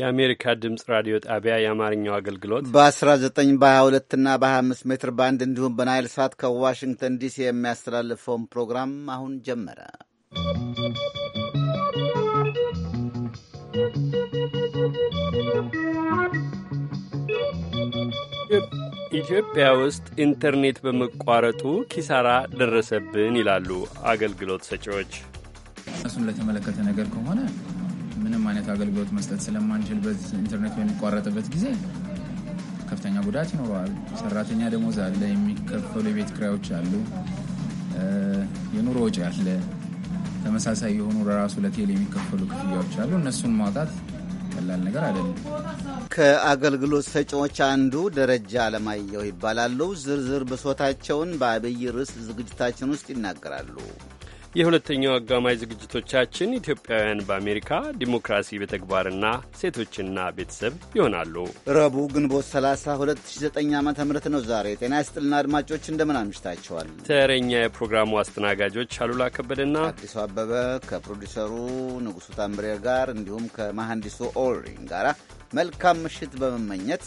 የአሜሪካ ድምፅ ራዲዮ ጣቢያ የአማርኛው አገልግሎት በ19 በ22 እና በ25 ሜትር ባንድ እንዲሁም በናይል ሳት ከዋሽንግተን ዲሲ የሚያስተላልፈውን ፕሮግራም አሁን ጀመረ። ኢትዮጵያ ውስጥ ኢንተርኔት በመቋረጡ ኪሳራ ደረሰብን ይላሉ አገልግሎት ሰጪዎች። እሱን ለተመለከተ ነገር ከሆነ አይነት አገልግሎት መስጠት ስለማንችል ኢንተርኔት በሚቋረጥበት ጊዜ ከፍተኛ ጉዳት ይኖረዋል። ሰራተኛ ደሞዝ አለ፣ የሚከፈሉ የቤት ክራዮች አሉ፣ የኑሮ ወጪ አለ፣ ተመሳሳይ የሆኑ ለራሱ ለቴሌ የሚከፈሉ ክፍያዎች አሉ። እነሱን ማውጣት ቀላል ነገር አይደለም። ከአገልግሎት ሰጪዎች አንዱ ደረጃ አለማየሁ ይባላሉ። ዝርዝር ብሶታቸውን በአብይ ርዕስ ዝግጅታችን ውስጥ ይናገራሉ። የሁለተኛው አጋማሽ ዝግጅቶቻችን ኢትዮጵያውያን በአሜሪካ ዲሞክራሲ በተግባርና ሴቶችና ቤተሰብ ይሆናሉ። ረቡዕ ግንቦት 30 2009 ዓ ም ነው ዛሬ። ጤና ይስጥልና አድማጮች እንደምን አምሽታችኋል። ተረኛ የፕሮግራሙ አስተናጋጆች አሉላ ከበደና አዲሱ አበበ ከፕሮዲሰሩ ንጉሱ ታምሬ ጋር እንዲሁም ከመሐንዲሱ ኦሪን ጋር መልካም ምሽት በመመኘት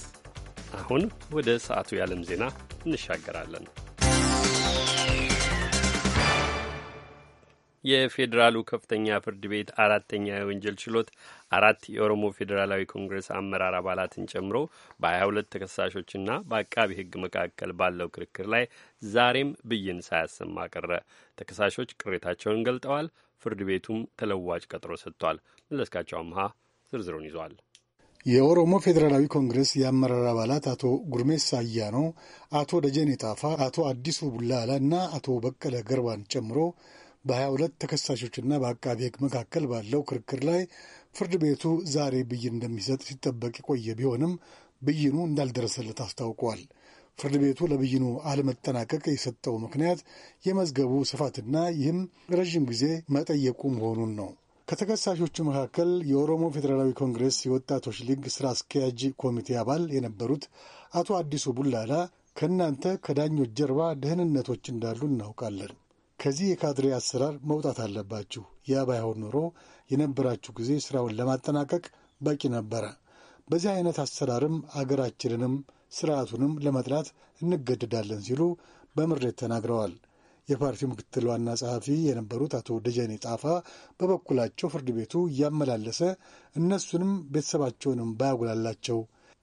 አሁን ወደ ሰዓቱ የዓለም ዜና እንሻገራለን። የፌዴራሉ ከፍተኛ ፍርድ ቤት አራተኛ የወንጀል ችሎት አራት የኦሮሞ ፌዴራላዊ ኮንግረስ አመራር አባላትን ጨምሮ በ22 ተከሳሾችና በአቃቢ ሕግ መካከል ባለው ክርክር ላይ ዛሬም ብይን ሳያሰማ ቀረ። ተከሳሾች ቅሬታቸውን ገልጠዋል። ፍርድ ቤቱም ተለዋጭ ቀጥሮ ሰጥቷል። መለስካቸው አምሃ ዝርዝሩን ይዟል። የኦሮሞ ፌዴራላዊ ኮንግረስ የአመራር አባላት አቶ ጉርሜሳ አያኖ፣ አቶ ደጀኔ ጣፋ፣ አቶ አዲሱ ቡላላ እና አቶ በቀለ ገርባን ጨምሮ በሀያ ሁለት ተከሳሾችና በአቃቢ ሕግ መካከል ባለው ክርክር ላይ ፍርድ ቤቱ ዛሬ ብይን እንደሚሰጥ ሲጠበቅ የቆየ ቢሆንም ብይኑ እንዳልደረሰለት አስታውቋል። ፍርድ ቤቱ ለብይኑ አለመጠናቀቅ የሰጠው ምክንያት የመዝገቡ ስፋትና ይህም ረዥም ጊዜ መጠየቁ መሆኑን ነው። ከተከሳሾቹ መካከል የኦሮሞ ፌዴራላዊ ኮንግሬስ የወጣቶች ሊግ ስራ አስኪያጅ ኮሚቴ አባል የነበሩት አቶ አዲሱ ቡላላ ከእናንተ ከዳኞች ጀርባ ደህንነቶች እንዳሉ እናውቃለን ከዚህ የካድሬ አሰራር መውጣት አለባችሁ። ያ ባይሆን ኖሮ የነበራችሁ ጊዜ ስራውን ለማጠናቀቅ በቂ ነበረ። በዚህ አይነት አሰራርም አገራችንንም ስርዓቱንም ለመጥላት እንገደዳለን ሲሉ በምሬት ተናግረዋል። የፓርቲው ምክትል ዋና ጸሐፊ የነበሩት አቶ ደጀኔ ጣፋ በበኩላቸው ፍርድ ቤቱ እያመላለሰ እነሱንም ቤተሰባቸውንም ባያጉላላቸው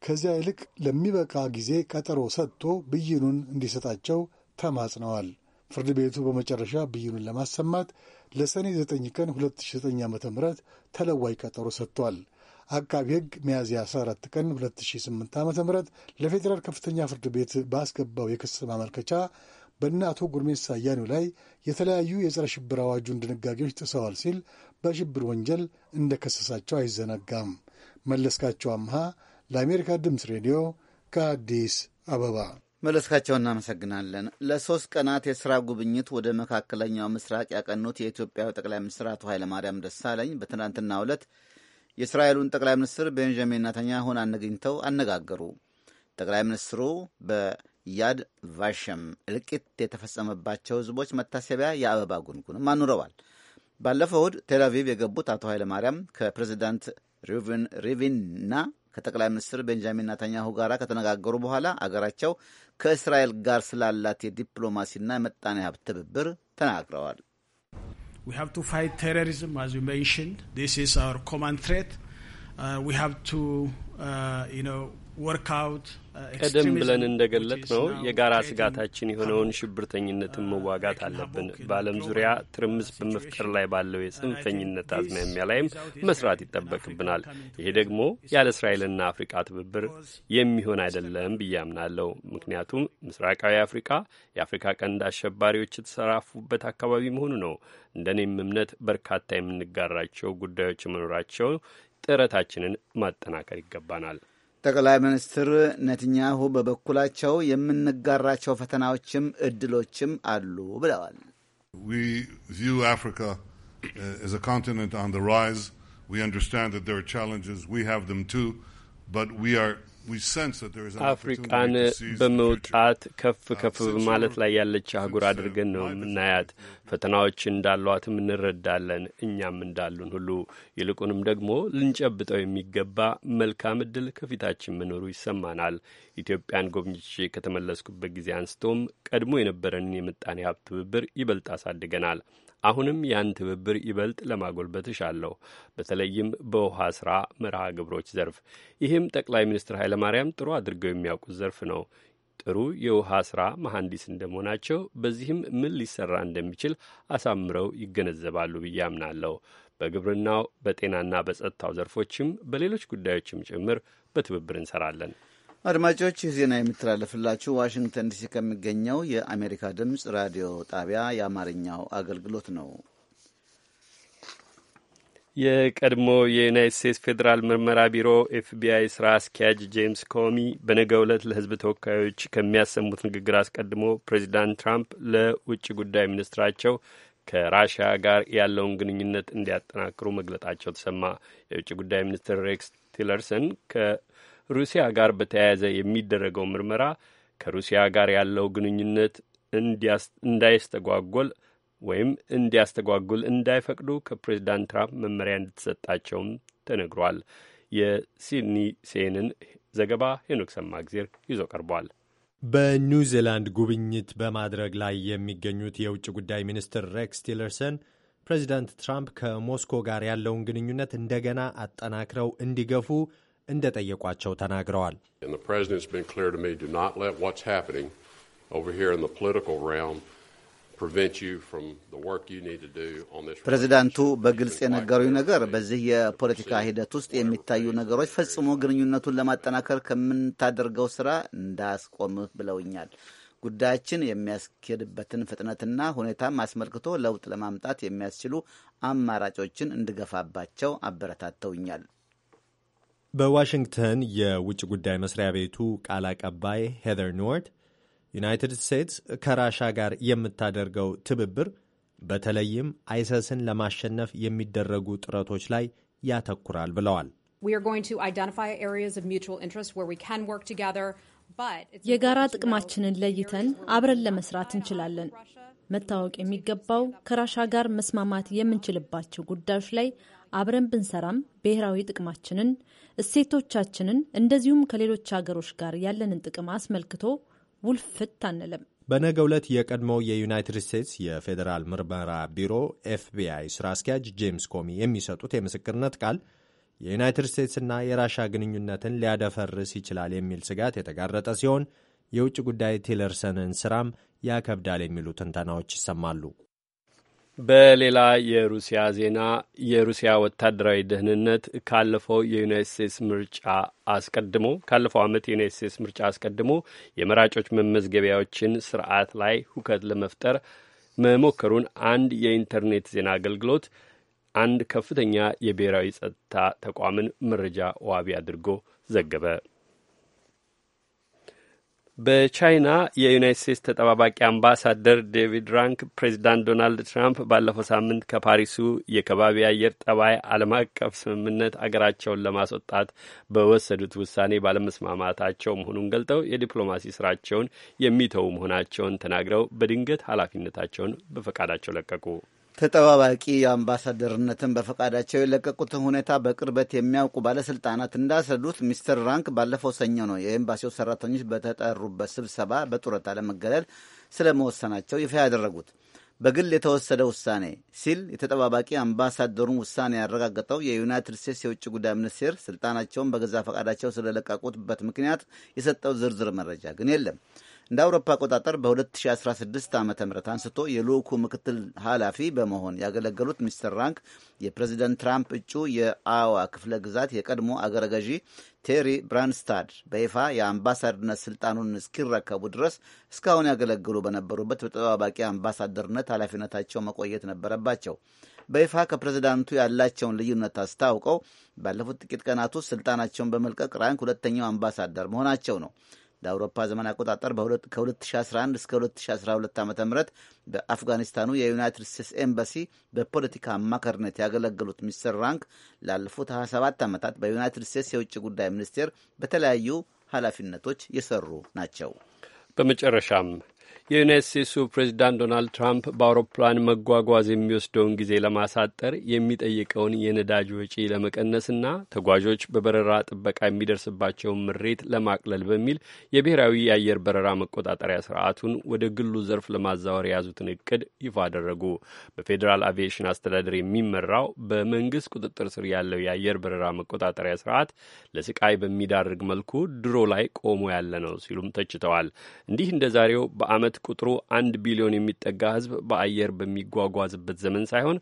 ከዚያ ይልቅ ለሚበቃ ጊዜ ቀጠሮ ሰጥቶ ብይኑን እንዲሰጣቸው ተማጽነዋል። ፍርድ ቤቱ በመጨረሻ ብይኑን ለማሰማት ለሰኔ 9 ቀን 2009 ዓ ም ተለዋጭ ቀጠሮ ሰጥቷል። አቃቢ ሕግ ሚያዝያ 14 ቀን 2008 ዓ ም ለፌዴራል ከፍተኛ ፍርድ ቤት ባስገባው የክስ ማመልከቻ በእነ አቶ ጉርሜሳ አያሌው ላይ የተለያዩ የጸረ ሽብር አዋጁን ድንጋጌዎች ጥሰዋል ሲል በሽብር ወንጀል እንደከሰሳቸው አይዘነጋም። መለስካቸው አምሃ ለአሜሪካ ድምፅ ሬዲዮ ከአዲስ አበባ መለስካቸው እናመሰግናለን። ለሶስት ቀናት የስራ ጉብኝት ወደ መካከለኛው ምስራቅ ያቀኑት የኢትዮጵያ ጠቅላይ ሚኒስትር አቶ ኃይለማርያም ደሳለኝ በትናንትናው ዕለት የእስራኤሉን ጠቅላይ ሚኒስትር ቤንጃሚን ኔታንያሁን አነግኝተው አነጋገሩ። ጠቅላይ ሚኒስትሩ በያድ ቫሸም እልቂት የተፈጸመባቸው ህዝቦች መታሰቢያ የአበባ ጉንጉንም አኑረዋል። ባለፈው እሁድ ቴል አቪቭ የገቡት አቶ ኃይለማርያም ከፕሬዚዳንት ሪቪን እና ከጠቅላይ ሚኒስትር ቤንጃሚን ናታኛሁ ጋር ከተነጋገሩ በኋላ አገራቸው ከእስራኤል ጋር ስላላት የዲፕሎማሲና የመጣኔ ሀብት ትብብር ተናግረዋል። ቀደም ብለን እንደገለጥ ነው የጋራ ስጋታችን የሆነውን ሽብርተኝነትን መዋጋት አለብን። በዓለም ዙሪያ ትርምስ በመፍጠር ላይ ባለው የጽንፈኝነት አዝማሚያ ላይም መስራት ይጠበቅብናል። ይሄ ደግሞ ያለ እስራኤልና አፍሪቃ ትብብር የሚሆን አይደለም ብዬ አምናለሁ። ምክንያቱም ምስራቃዊ አፍሪቃ የአፍሪካ ቀንድ አሸባሪዎች የተሰራፉበት አካባቢ መሆኑ ነው። እንደኔም እምነት በርካታ የምንጋራቸው ጉዳዮች መኖራቸው ጥረታችንን ማጠናከር ይገባናል። ጠቅላይ ሚኒስትር ነትኛሁ በበኩላቸው የምንጋራቸው ፈተናዎችም እድሎችም አሉ ብለዋል። አፍሪቃን በመውጣት ከፍ uh, ከፍ በማለት ላይ ያለች አህጉር አድርገን ነው የምናያት። ፈተናዎች እንዳሏትም እንረዳለን፣ እኛም እንዳሉን ሁሉ። ይልቁንም ደግሞ ልንጨብጠው የሚገባ መልካም እድል ከፊታችን መኖሩ ይሰማናል። ኢትዮጵያን ጎብኝቼ ከተመለስኩበት ጊዜ አንስቶም ቀድሞ የነበረንን የምጣኔ ሀብት ትብብር ይበልጥ አሳድገናል። አሁንም ያን ትብብር ይበልጥ ለማጎልበት እሻለሁ፣ በተለይም በውሃ ስራ መርሃ ግብሮች ዘርፍ። ይህም ጠቅላይ ሚኒስትር ኃይለማርያም ጥሩ አድርገው የሚያውቁት ዘርፍ ነው። ጥሩ የውሃ ስራ መሐንዲስ እንደመሆናቸው በዚህም ምን ሊሰራ እንደሚችል አሳምረው ይገነዘባሉ ብዬ አምናለሁ። በግብርናው፣ በጤናና በጸጥታው ዘርፎችም በሌሎች ጉዳዮችም ጭምር በትብብር እንሰራለን። አድማጮች ይህ ዜና የሚተላለፍላችሁ ዋሽንግተን ዲሲ ከሚገኘው የአሜሪካ ድምፅ ራዲዮ ጣቢያ የአማርኛው አገልግሎት ነው። የቀድሞ የዩናይት ስቴትስ ፌዴራል ምርመራ ቢሮ ኤፍቢአይ ስራ አስኪያጅ ጄምስ ኮሚ በነገ ዕለት ለሕዝብ ተወካዮች ከሚያሰሙት ንግግር አስቀድሞ ፕሬዚዳንት ትራምፕ ለውጭ ጉዳይ ሚኒስትራቸው ከራሽያ ጋር ያለውን ግንኙነት እንዲያጠናክሩ መግለጣቸው ተሰማ። የውጭ ጉዳይ ሚኒስትር ሬክስ ቲለርሰን ሩሲያ ጋር በተያያዘ የሚደረገው ምርመራ ከሩሲያ ጋር ያለው ግንኙነት እንዳይስተጓጎል ወይም እንዲያስተጓጉል እንዳይፈቅዱ ከፕሬዚዳንት ትራምፕ መመሪያ እንደተሰጣቸውም ተነግሯል። የሲድኒ ሴንን ዘገባ ሄኖክ ሰማግዜር ይዞ ቀርቧል። በኒውዚላንድ ጉብኝት በማድረግ ላይ የሚገኙት የውጭ ጉዳይ ሚኒስትር ሬክስ ቲለርሰን ፕሬዚዳንት ትራምፕ ከሞስኮ ጋር ያለውን ግንኙነት እንደገና አጠናክረው እንዲገፉ እንደጠየቋቸው ተናግረዋል። ፕሬዚዳንቱ በግልጽ የነገሩኝ ነገር በዚህ የፖለቲካ ሂደት ውስጥ የሚታዩ ነገሮች ፈጽሞ ግንኙነቱን ለማጠናከር ከምንታደርገው ስራ እንዳስቆምህ ብለውኛል። ጉዳያችን የሚያስኬድበትን ፍጥነትና ሁኔታም አስመልክቶ ለውጥ ለማምጣት የሚያስችሉ አማራጮችን እንድገፋባቸው አበረታተውኛል። በዋሽንግተን የውጭ ጉዳይ መስሪያ ቤቱ ቃል አቀባይ ሄዘር ኖርት ዩናይትድ ስቴትስ ከራሻ ጋር የምታደርገው ትብብር በተለይም አይሰስን ለማሸነፍ የሚደረጉ ጥረቶች ላይ ያተኩራል ብለዋል። የጋራ ጥቅማችንን ለይተን አብረን ለመስራት እንችላለን። መታወቅ የሚገባው ከራሻ ጋር መስማማት የምንችልባቸው ጉዳዮች ላይ አብረን ብንሰራም ብሔራዊ ጥቅማችንን፣ እሴቶቻችንን እንደዚሁም ከሌሎች ሀገሮች ጋር ያለንን ጥቅም አስመልክቶ ውልፍት አንልም። በነገ ዕለት የቀድሞው የዩናይትድ ስቴትስ የፌዴራል ምርመራ ቢሮ ኤፍቢአይ ስራ አስኪያጅ ጄምስ ኮሚ የሚሰጡት የምስክርነት ቃል የዩናይትድ ስቴትስና የራሻ ግንኙነትን ሊያደፈርስ ይችላል የሚል ስጋት የተጋረጠ ሲሆን የውጭ ጉዳይ ቲለርሰንን ስራም ያከብዳል የሚሉ ትንተናዎች ይሰማሉ። በሌላ የሩሲያ ዜና የሩሲያ ወታደራዊ ደህንነት ካለፈው የዩናይት ስቴትስ ምርጫ አስቀድሞ ካለፈው ዓመት የዩናይት ስቴትስ ምርጫ አስቀድሞ የመራጮች መመዝገቢያዎችን ስርዓት ላይ ሁከት ለመፍጠር መሞከሩን አንድ የኢንተርኔት ዜና አገልግሎት አንድ ከፍተኛ የብሔራዊ ጸጥታ ተቋምን መረጃ ዋቢ አድርጎ ዘገበ። በቻይና የዩናይት ስቴትስ ተጠባባቂ አምባሳደር ዴቪድ ራንክ ፕሬዚዳንት ዶናልድ ትራምፕ ባለፈው ሳምንት ከፓሪሱ የከባቢ አየር ጠባይ ዓለም አቀፍ ስምምነት አገራቸውን ለማስወጣት በወሰዱት ውሳኔ ባለመስማማታቸው መሆኑን ገልጠው የዲፕሎማሲ ስራቸውን የሚተዉ መሆናቸውን ተናግረው በድንገት ኃላፊነታቸውን በፈቃዳቸው ለቀቁ። ተጠባባቂ የአምባሳደርነትን በፈቃዳቸው የለቀቁትን ሁኔታ በቅርበት የሚያውቁ ባለስልጣናት እንዳስረዱት ሚስተር ራንክ ባለፈው ሰኞ ነው የኤምባሲው ሰራተኞች በተጠሩበት ስብሰባ በጡረታ ለመገለል ስለመወሰናቸው ይፋ ያደረጉት። በግል የተወሰደ ውሳኔ ሲል የተጠባባቂ አምባሳደሩን ውሳኔ ያረጋገጠው የዩናይትድ ስቴትስ የውጭ ጉዳይ ሚኒስቴር ስልጣናቸውን በገዛ ፈቃዳቸው ስለለቀቁትበት ምክንያት የሰጠው ዝርዝር መረጃ ግን የለም። እንደ አውሮፓ አቆጣጠር በ2016 ዓ ም አንስቶ የልዑኩ ምክትል ኃላፊ በመሆን ያገለገሉት ሚስተር ራንክ የፕሬዚደንት ትራምፕ እጩ የአዋ ክፍለ ግዛት የቀድሞ አገረ ገዢ ቴሪ ብራንስታድ በይፋ የአምባሳደርነት ስልጣኑን እስኪረከቡ ድረስ እስካሁን ያገለግሉ በነበሩበት በተጠባባቂ አምባሳደርነት ኃላፊነታቸው መቆየት ነበረባቸው። በይፋ ከፕሬዚዳንቱ ያላቸውን ልዩነት አስታውቀው ባለፉት ጥቂት ቀናት ውስጥ ስልጣናቸውን በመልቀቅ ራንክ ሁለተኛው አምባሳደር መሆናቸው ነው። ለአውሮፓ ዘመን አቆጣጠር ከ2011 እስከ 2012 ዓ ም በአፍጋኒስታኑ የዩናይትድ ስቴትስ ኤምባሲ በፖለቲካ አማካሪነት ያገለገሉት ሚስተር ራንክ ላለፉት 27 ዓመታት በዩናይትድ ስቴትስ የውጭ ጉዳይ ሚኒስቴር በተለያዩ ኃላፊነቶች የሰሩ ናቸው። በመጨረሻም የዩናይት ስቴትሱ ፕሬዚዳንት ዶናልድ ትራምፕ በአውሮፕላን መጓጓዝ የሚወስደውን ጊዜ ለማሳጠር የሚጠይቀውን የነዳጅ ወጪ ለመቀነስና ተጓዦች በበረራ ጥበቃ የሚደርስባቸውን ምሬት ለማቅለል በሚል የብሔራዊ የአየር በረራ መቆጣጠሪያ ስርዓቱን ወደ ግሉ ዘርፍ ለማዛወር የያዙትን እቅድ ይፋ አደረጉ። በፌዴራል አቪዬሽን አስተዳደር የሚመራው በመንግስት ቁጥጥር ስር ያለው የአየር በረራ መቆጣጠሪያ ስርዓት ለስቃይ በሚዳርግ መልኩ ድሮ ላይ ቆሞ ያለ ነው ሲሉም ተችተዋል። እንዲህ እንደ ዛሬው በአመት ዓመት ቁጥሩ አንድ ቢሊዮን የሚጠጋ ህዝብ በአየር በሚጓጓዝበት ዘመን ሳይሆን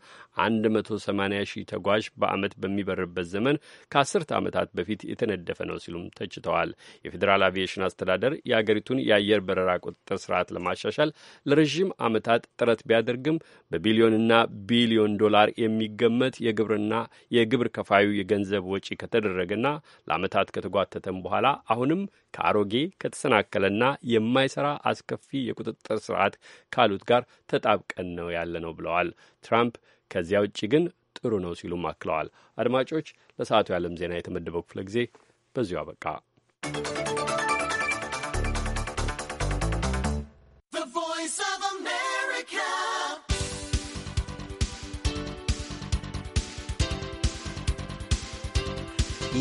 180 ሺህ ተጓዥ በዓመት በሚበርበት ዘመን ከአስርተ ዓመታት በፊት የተነደፈ ነው ሲሉም ተችተዋል። የፌዴራል አቪዬሽን አስተዳደር የአገሪቱን የአየር በረራ ቁጥጥር ስርዓት ለማሻሻል ለረዥም ዓመታት ጥረት ቢያደርግም በቢሊዮንና ቢሊዮን ዶላር የሚገመት የግብርና የግብር ከፋዩ የገንዘብ ወጪ ከተደረገና ለዓመታት ከተጓተተም በኋላ አሁንም ከአሮጌ ከተሰናከለና የማይሰራ አስከፊ የቁጥጥር ስርዓት ካሉት ጋር ተጣብቀን ነው ያለ ነው ብለዋል። ትራምፕ ከዚያ ውጭ ግን ጥሩ ነው ሲሉም አክለዋል። አድማጮች፣ ለሰዓቱ የዓለም ዜና የተመደበው ክፍለ ጊዜ በዚሁ አበቃ።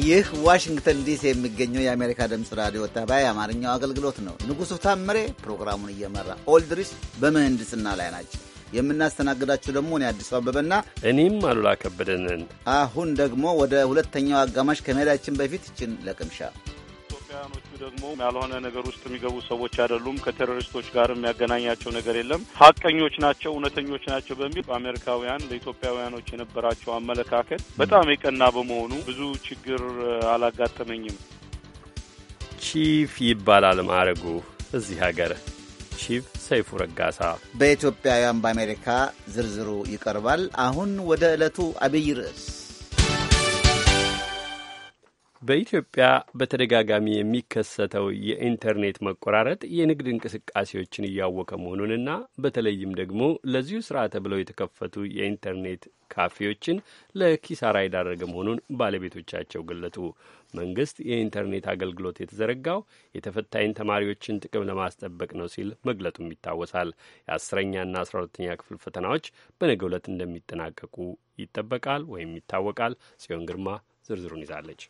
ይህ ዋሽንግተን ዲሲ የሚገኘው የአሜሪካ ድምፅ ራዲዮ ጣቢያ የአማርኛው አገልግሎት ነው። ንጉሡ ታምሬ ፕሮግራሙን እየመራ ኦልድሪስ በምህንድስና ላይ ናቸው። የምናስተናግዳችሁ ደግሞ እኔ አዲሱ አበበና እኔም አሉላ ከበደንን። አሁን ደግሞ ወደ ሁለተኛው አጋማሽ ከመሄዳችን በፊት ይችን ለቅምሻ ኢትዮጵያውያኖቹ ደግሞ ያልሆነ ነገር ውስጥ የሚገቡ ሰዎች አይደሉም። ከቴሮሪስቶች ጋር የሚያገናኛቸው ነገር የለም። ሀቀኞች ናቸው፣ እውነተኞች ናቸው በሚል በአሜሪካውያን ለኢትዮጵያውያኖች የነበራቸው አመለካከት በጣም የቀና በመሆኑ ብዙ ችግር አላጋጠመኝም። ቺፍ ይባላል ማዕረጉ እዚህ ሀገር ቺፍ ሰይፉ ረጋሳ። በኢትዮጵያውያን በአሜሪካ ዝርዝሩ ይቀርባል። አሁን ወደ ዕለቱ አብይ ርዕስ በኢትዮጵያ በተደጋጋሚ የሚከሰተው የኢንተርኔት መቆራረጥ የንግድ እንቅስቃሴዎችን እያወከ መሆኑንና በተለይም ደግሞ ለዚሁ ስራ ተብለው የተከፈቱ የኢንተርኔት ካፌዎችን ለኪሳራ የዳረገ መሆኑን ባለቤቶቻቸው ገለጡ። መንግስት የኢንተርኔት አገልግሎት የተዘረጋው የተፈታኝ ተማሪዎችን ጥቅም ለማስጠበቅ ነው ሲል መግለጡም ይታወሳል። የአስረኛና አስራ ሁለተኛ ክፍል ፈተናዎች በነገ ዕለት እንደሚጠናቀቁ ይጠበቃል ወይም ይታወቃል። ጽዮን ግርማ ዝርዝሩን ይዛለች።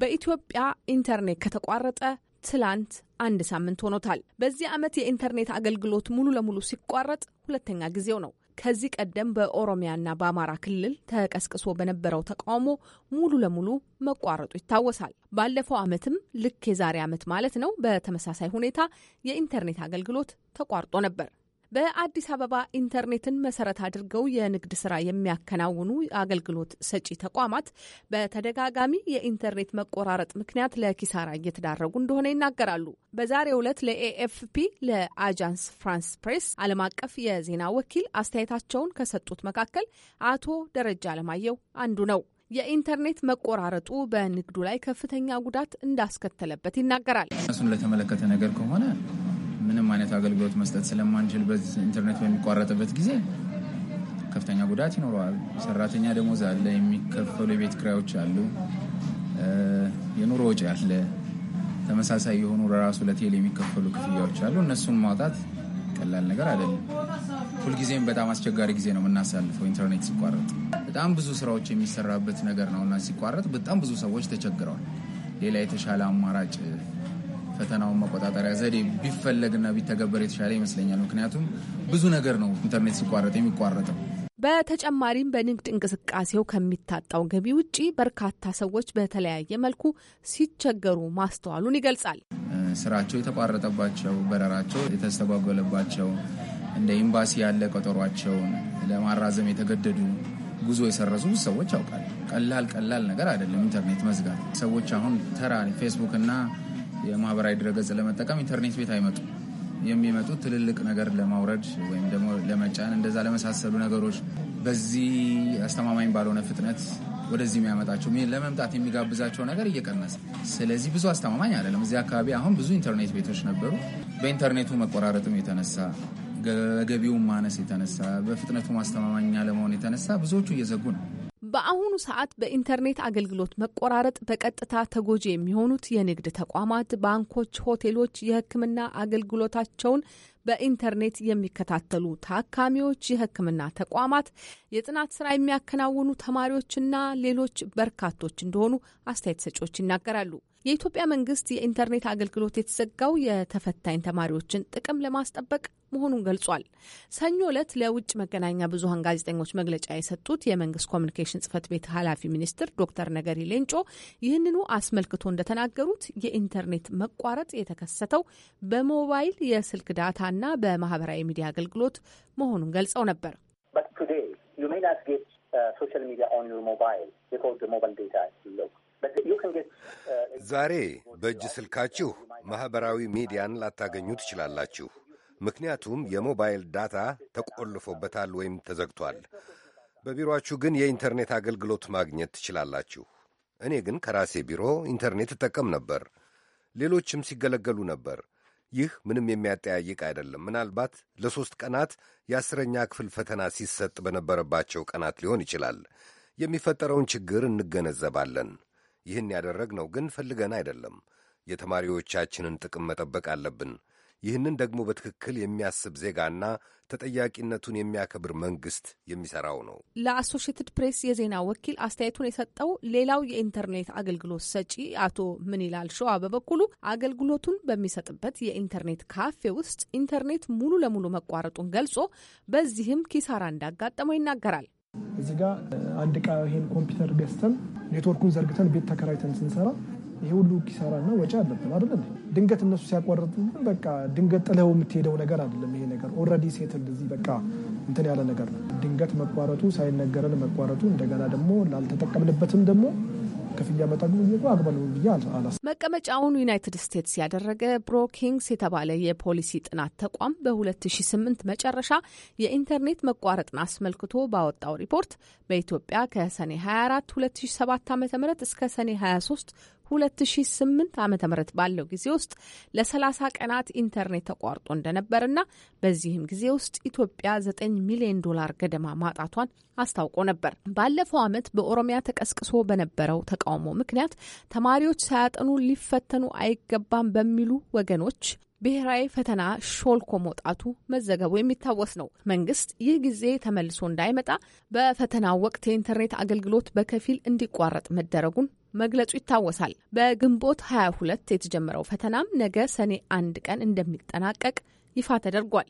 በኢትዮጵያ ኢንተርኔት ከተቋረጠ ትላንት አንድ ሳምንት ሆኖታል። በዚህ ዓመት የኢንተርኔት አገልግሎት ሙሉ ለሙሉ ሲቋረጥ ሁለተኛ ጊዜው ነው። ከዚህ ቀደም በኦሮሚያና በአማራ ክልል ተቀስቅሶ በነበረው ተቃውሞ ሙሉ ለሙሉ መቋረጡ ይታወሳል። ባለፈው ዓመትም ልክ የዛሬ ዓመት ማለት ነው፣ በተመሳሳይ ሁኔታ የኢንተርኔት አገልግሎት ተቋርጦ ነበር። በአዲስ አበባ ኢንተርኔትን መሰረት አድርገው የንግድ ስራ የሚያከናውኑ አገልግሎት ሰጪ ተቋማት በተደጋጋሚ የኢንተርኔት መቆራረጥ ምክንያት ለኪሳራ እየተዳረጉ እንደሆነ ይናገራሉ። በዛሬው ዕለት ለኤኤፍፒ ለአጃንስ ፍራንስ ፕሬስ ዓለም አቀፍ የዜና ወኪል አስተያየታቸውን ከሰጡት መካከል አቶ ደረጃ አለማየሁ አንዱ ነው። የኢንተርኔት መቆራረጡ በንግዱ ላይ ከፍተኛ ጉዳት እንዳስከተለበት ይናገራል። እሱን ለተመለከተ ነገር ከሆነ ምንም አይነት አገልግሎት መስጠት ስለማንችል በዚህ ኢንተርኔት በሚቋረጥበት ጊዜ ከፍተኛ ጉዳት ይኖረዋል። ሰራተኛ ደሞዝ አለ፣ የሚከፈሉ የቤት ክራዮች አሉ፣ የኑሮ ወጪ አለ፣ ተመሳሳይ የሆኑ ለራሱ ለቴል የሚከፈሉ ክፍያዎች አሉ። እነሱን ማውጣት ቀላል ነገር አይደለም። ሁልጊዜም በጣም አስቸጋሪ ጊዜ ነው የምናሳልፈው። ኢንተርኔት ሲቋረጥ በጣም ብዙ ስራዎች የሚሰራበት ነገር ነው እና ሲቋረጥ በጣም ብዙ ሰዎች ተቸግረዋል። ሌላ የተሻለ አማራጭ ፈተናውን መቆጣጠሪያ ዘዴ ቢፈለግና ቢተገበር የተሻለ ይመስለኛል። ምክንያቱም ብዙ ነገር ነው ኢንተርኔት ሲቋረጥ የሚቋረጠው። በተጨማሪም በንግድ እንቅስቃሴው ከሚታጣው ገቢ ውጪ በርካታ ሰዎች በተለያየ መልኩ ሲቸገሩ ማስተዋሉን ይገልጻል። ስራቸው የተቋረጠባቸው፣ በረራቸው የተስተጓጎለባቸው፣ እንደ ኤምባሲ ያለ ቀጠሯቸውን ለማራዘም የተገደዱ ጉዞ የሰረዙ ሰዎች ያውቃል። ቀላል ቀላል ነገር አይደለም ኢንተርኔት መዝጋት። ሰዎች አሁን ተራ ፌስቡክ እና የማህበራዊ ድረገጽ ለመጠቀም ኢንተርኔት ቤት አይመጡም። የሚመጡት ትልልቅ ነገር ለማውረድ ወይም ደግሞ ለመጫን እንደዛ ለመሳሰሉ ነገሮች በዚህ አስተማማኝ ባልሆነ ፍጥነት ወደዚህ የሚያመጣቸው ለመምጣት የሚጋብዛቸው ነገር እየቀነሰ ስለዚህ ብዙ አስተማማኝ አይደለም። እዚህ አካባቢ አሁን ብዙ ኢንተርኔት ቤቶች ነበሩ። በኢንተርኔቱ መቆራረጥም የተነሳ ገቢውን ማነስ የተነሳ በፍጥነቱ ማስተማማኝ ለመሆን የተነሳ ብዙዎቹ እየዘጉ ነው። በአሁኑ ሰዓት በኢንተርኔት አገልግሎት መቆራረጥ በቀጥታ ተጎጂ የሚሆኑት የንግድ ተቋማት፣ ባንኮች፣ ሆቴሎች የሕክምና አገልግሎታቸውን በኢንተርኔት የሚከታተሉ ታካሚዎች፣ የሕክምና ተቋማት፣ የጥናት ስራ የሚያከናውኑ ተማሪዎችና ሌሎች በርካቶች እንደሆኑ አስተያየት ሰጪዎች ይናገራሉ። የኢትዮጵያ መንግስት የኢንተርኔት አገልግሎት የተዘጋው የተፈታኝ ተማሪዎችን ጥቅም ለማስጠበቅ መሆኑን ገልጿል። ሰኞ ዕለት ለውጭ መገናኛ ብዙሀን ጋዜጠኞች መግለጫ የሰጡት የመንግስት ኮሚኒኬሽን ጽህፈት ቤት ኃላፊ ሚኒስትር ዶክተር ነገሪ ሌንጮ ይህንኑ አስመልክቶ እንደተናገሩት የኢንተርኔት መቋረጥ የተከሰተው በሞባይል የስልክ ዳታና በማህበራዊ ሚዲያ አገልግሎት መሆኑን ገልጸው ነበር። uh, uh, ዛሬ በእጅ ስልካችሁ ማህበራዊ ሚዲያን ላታገኙ ትችላላችሁ። ምክንያቱም የሞባይል ዳታ ተቆልፎበታል ወይም ተዘግቷል። በቢሮአችሁ ግን የኢንተርኔት አገልግሎት ማግኘት ትችላላችሁ። እኔ ግን ከራሴ ቢሮ ኢንተርኔት እጠቀም ነበር፣ ሌሎችም ሲገለገሉ ነበር። ይህ ምንም የሚያጠያይቅ አይደለም። ምናልባት ለሦስት ቀናት የአስረኛ ክፍል ፈተና ሲሰጥ በነበረባቸው ቀናት ሊሆን ይችላል። የሚፈጠረውን ችግር እንገነዘባለን። ይህን ያደረግነው ግን ፈልገን አይደለም። የተማሪዎቻችንን ጥቅም መጠበቅ አለብን። ይህንን ደግሞ በትክክል የሚያስብ ዜጋና ተጠያቂነቱን የሚያከብር መንግስት የሚሰራው ነው። ለአሶሽየትድ ፕሬስ የዜና ወኪል አስተያየቱን የሰጠው ሌላው የኢንተርኔት አገልግሎት ሰጪ አቶ ምን ይላል ሸዋ በበኩሉ አገልግሎቱን በሚሰጥበት የኢንተርኔት ካፌ ውስጥ ኢንተርኔት ሙሉ ለሙሉ መቋረጡን ገልጾ በዚህም ኪሳራ እንዳጋጠመው ይናገራል። እዚህ ጋር አንድ ዕቃ ይሄን ኮምፒውተር ገዝተን ኔትወርኩን ዘርግተን ቤት ተከራይተን ስንሰራ ይሄ ሁሉ ኪሳራና ወጪ አለብን አይደለም ድንገት እነሱ ሲያቋርጡ በቃ ድንገት ጥለው የምትሄደው ነገር አይደለም። ይሄ ነገር ኦልሬዲ ሴት እንደዚህ በቃ እንትን ያለ ነገር ነው። ድንገት መቋረጡ ሳይነገረን መቋረጡ እንደገና ደግሞ ላልተጠቀምንበትም ደግሞ ክፍያ መጠኑ ብዬ አላስ መቀመጫውን ዩናይትድ ስቴትስ ያደረገ ብሮኪንግስ የተባለ የፖሊሲ ጥናት ተቋም በ2008 መጨረሻ የኢንተርኔት መቋረጥን አስመልክቶ ባወጣው ሪፖርት በኢትዮጵያ ከሰኔ 24 2007 ዓ ም እስከ ሰኔ 23 2008 ም ባለው ጊዜ ውስጥ ለ30 ቀናት ኢንተርኔት ተቋርጦ እንደነበርና በዚህም ጊዜ ውስጥ ኢትዮጵያ 9 ሚሊዮን ዶላር ገደማ ማጣቷን አስታውቆ ነበር። ባለፈው ዓመት በኦሮሚያ ተቀስቅሶ በነበረው ተቃውሞ ምክንያት ተማሪዎች ሳያጠኑ ሊፈተኑ አይገባም በሚሉ ወገኖች ብሔራዊ ፈተና ሾልኮ መውጣቱ መዘገቡ የሚታወስ ነው። መንግስት ይህ ጊዜ ተመልሶ እንዳይመጣ በፈተናው ወቅት የኢንተርኔት አገልግሎት በከፊል እንዲቋረጥ መደረጉን መግለጹ ይታወሳል። በግንቦት 22 የተጀመረው ፈተናም ነገ ሰኔ አንድ ቀን እንደሚጠናቀቅ ይፋ ተደርጓል።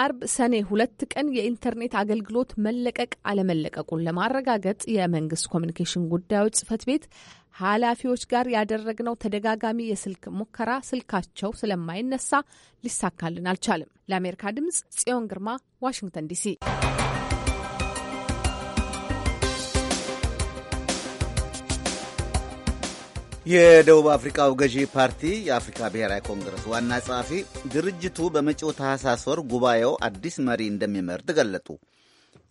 አርብ ሰኔ ሁለት ቀን የኢንተርኔት አገልግሎት መለቀቅ አለመለቀቁን ለማረጋገጥ የመንግስት ኮሚኒኬሽን ጉዳዮች ጽህፈት ቤት ኃላፊዎች ጋር ያደረግነው ተደጋጋሚ የስልክ ሙከራ ስልካቸው ስለማይነሳ ሊሳካልን አልቻለም። ለአሜሪካ ድምጽ ጽዮን ግርማ ዋሽንግተን ዲሲ የደቡብ አፍሪካው ገዢ ፓርቲ የአፍሪካ ብሔራዊ ኮንግረስ ዋና ጸሐፊ ድርጅቱ በመጪው ታህሳስ ወር ጉባኤው አዲስ መሪ እንደሚመርጥ ገለጡ።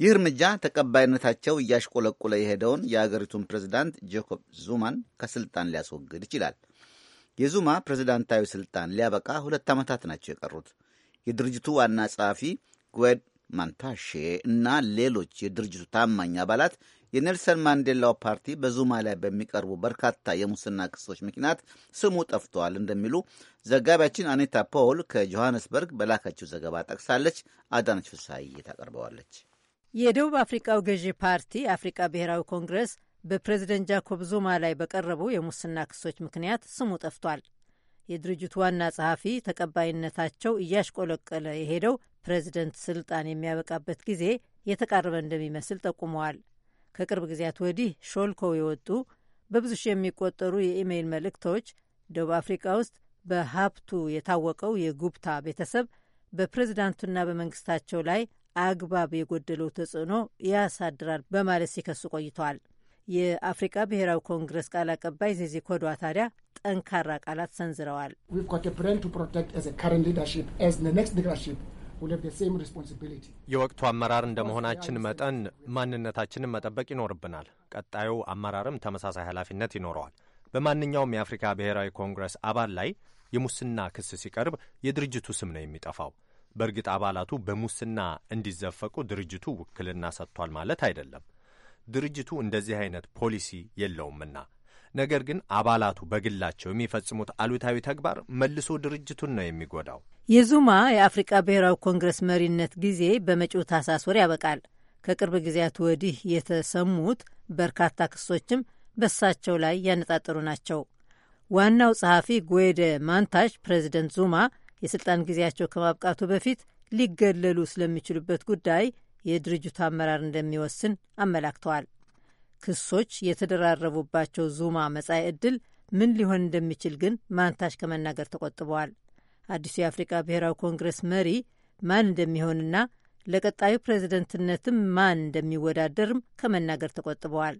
ይህ እርምጃ ተቀባይነታቸው እያሽቆለቆለ የሄደውን የአገሪቱን ፕሬዝዳንት ጄኮብ ዙማን ከስልጣን ሊያስወግድ ይችላል። የዙማ ፕሬዝዳንታዊ ስልጣን ሊያበቃ ሁለት ዓመታት ናቸው የቀሩት። የድርጅቱ ዋና ጸሐፊ ጉዌድ ማንታሼ እና ሌሎች የድርጅቱ ታማኝ አባላት የኔልሰን ማንዴላው ፓርቲ በዙማ ላይ በሚቀርቡ በርካታ የሙስና ክሶች ምክንያት ስሙ ጠፍተዋል እንደሚሉ ዘጋቢያችን አኔታ ፖል ከጆሃንስበርግ በላከችው ዘገባ ጠቅሳለች። አዳነች ፍሳይ ታቀርበዋለች። የደቡብ አፍሪቃው ገዢ ፓርቲ አፍሪቃ ብሔራዊ ኮንግረስ በፕሬዝደንት ጃኮብ ዙማ ላይ በቀረቡ የሙስና ክሶች ምክንያት ስሙ ጠፍቷል። የድርጅቱ ዋና ጸሐፊ ተቀባይነታቸው እያሽቆለቀለ የሄደው ፕሬዝደንት ስልጣን የሚያበቃበት ጊዜ የተቃረበ እንደሚመስል ጠቁመዋል። ከቅርብ ጊዜያት ወዲህ ሾልከው የወጡ በብዙ ሺህ የሚቆጠሩ የኢሜይል መልእክቶች ደቡብ አፍሪካ ውስጥ በሀብቱ የታወቀው የጉብታ ቤተሰብ በፕሬዝዳንቱና በመንግስታቸው ላይ አግባብ የጎደለው ተጽዕኖ ያሳድራል በማለት ሲከሱ ቆይተዋል። የአፍሪቃ ብሔራዊ ኮንግረስ ቃል አቀባይ ዜዜ ኮዷ ታዲያ ጠንካራ ቃላት ሰንዝረዋል። የወቅቱ አመራር እንደመሆናችን መጠን ማንነታችንን መጠበቅ ይኖርብናል። ቀጣዩ አመራርም ተመሳሳይ ኃላፊነት ይኖረዋል። በማንኛውም የአፍሪካ ብሔራዊ ኮንግረስ አባል ላይ የሙስና ክስ ሲቀርብ የድርጅቱ ስም ነው የሚጠፋው። በእርግጥ አባላቱ በሙስና እንዲዘፈቁ ድርጅቱ ውክልና ሰጥቷል ማለት አይደለም። ድርጅቱ እንደዚህ አይነት ፖሊሲ የለውምና ነገር ግን አባላቱ በግላቸው የሚፈጽሙት አሉታዊ ተግባር መልሶ ድርጅቱን ነው የሚጎዳው። የዙማ የአፍሪቃ ብሔራዊ ኮንግረስ መሪነት ጊዜ በመጪው ታህሳስ ወር ያበቃል። ከቅርብ ጊዜያት ወዲህ የተሰሙት በርካታ ክሶችም በሳቸው ላይ ያነጣጠሩ ናቸው። ዋናው ጸሐፊ ጎዌደ ማንታች ፕሬዚደንት ዙማ የሥልጣን ጊዜያቸው ከማብቃቱ በፊት ሊገለሉ ስለሚችሉበት ጉዳይ የድርጅቱ አመራር እንደሚወስን አመላክተዋል። ክሶች የተደራረቡባቸው ዙማ መጻኢ ዕድል ምን ሊሆን እንደሚችል ግን ማንታች ከመናገር ተቆጥበዋል። አዲሱ የአፍሪቃ ብሔራዊ ኮንግረስ መሪ ማን እንደሚሆንና ለቀጣዩ ፕሬዝደንትነትም ማን እንደሚወዳደርም ከመናገር ተቆጥበዋል።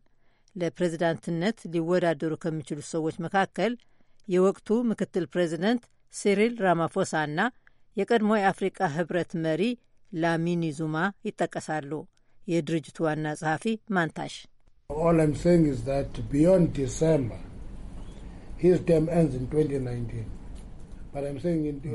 ለፕሬዝዳንትነት ሊወዳደሩ ከሚችሉ ሰዎች መካከል የወቅቱ ምክትል ፕሬዝደንት ሲሪል ራማፎሳ እና የቀድሞ የአፍሪቃ ህብረት መሪ ላሚኒ ዙማ ይጠቀሳሉ። የድርጅቱ ዋና ጸሐፊ ማንታሽ All I'm saying is that beyond December, his term ends in 2019.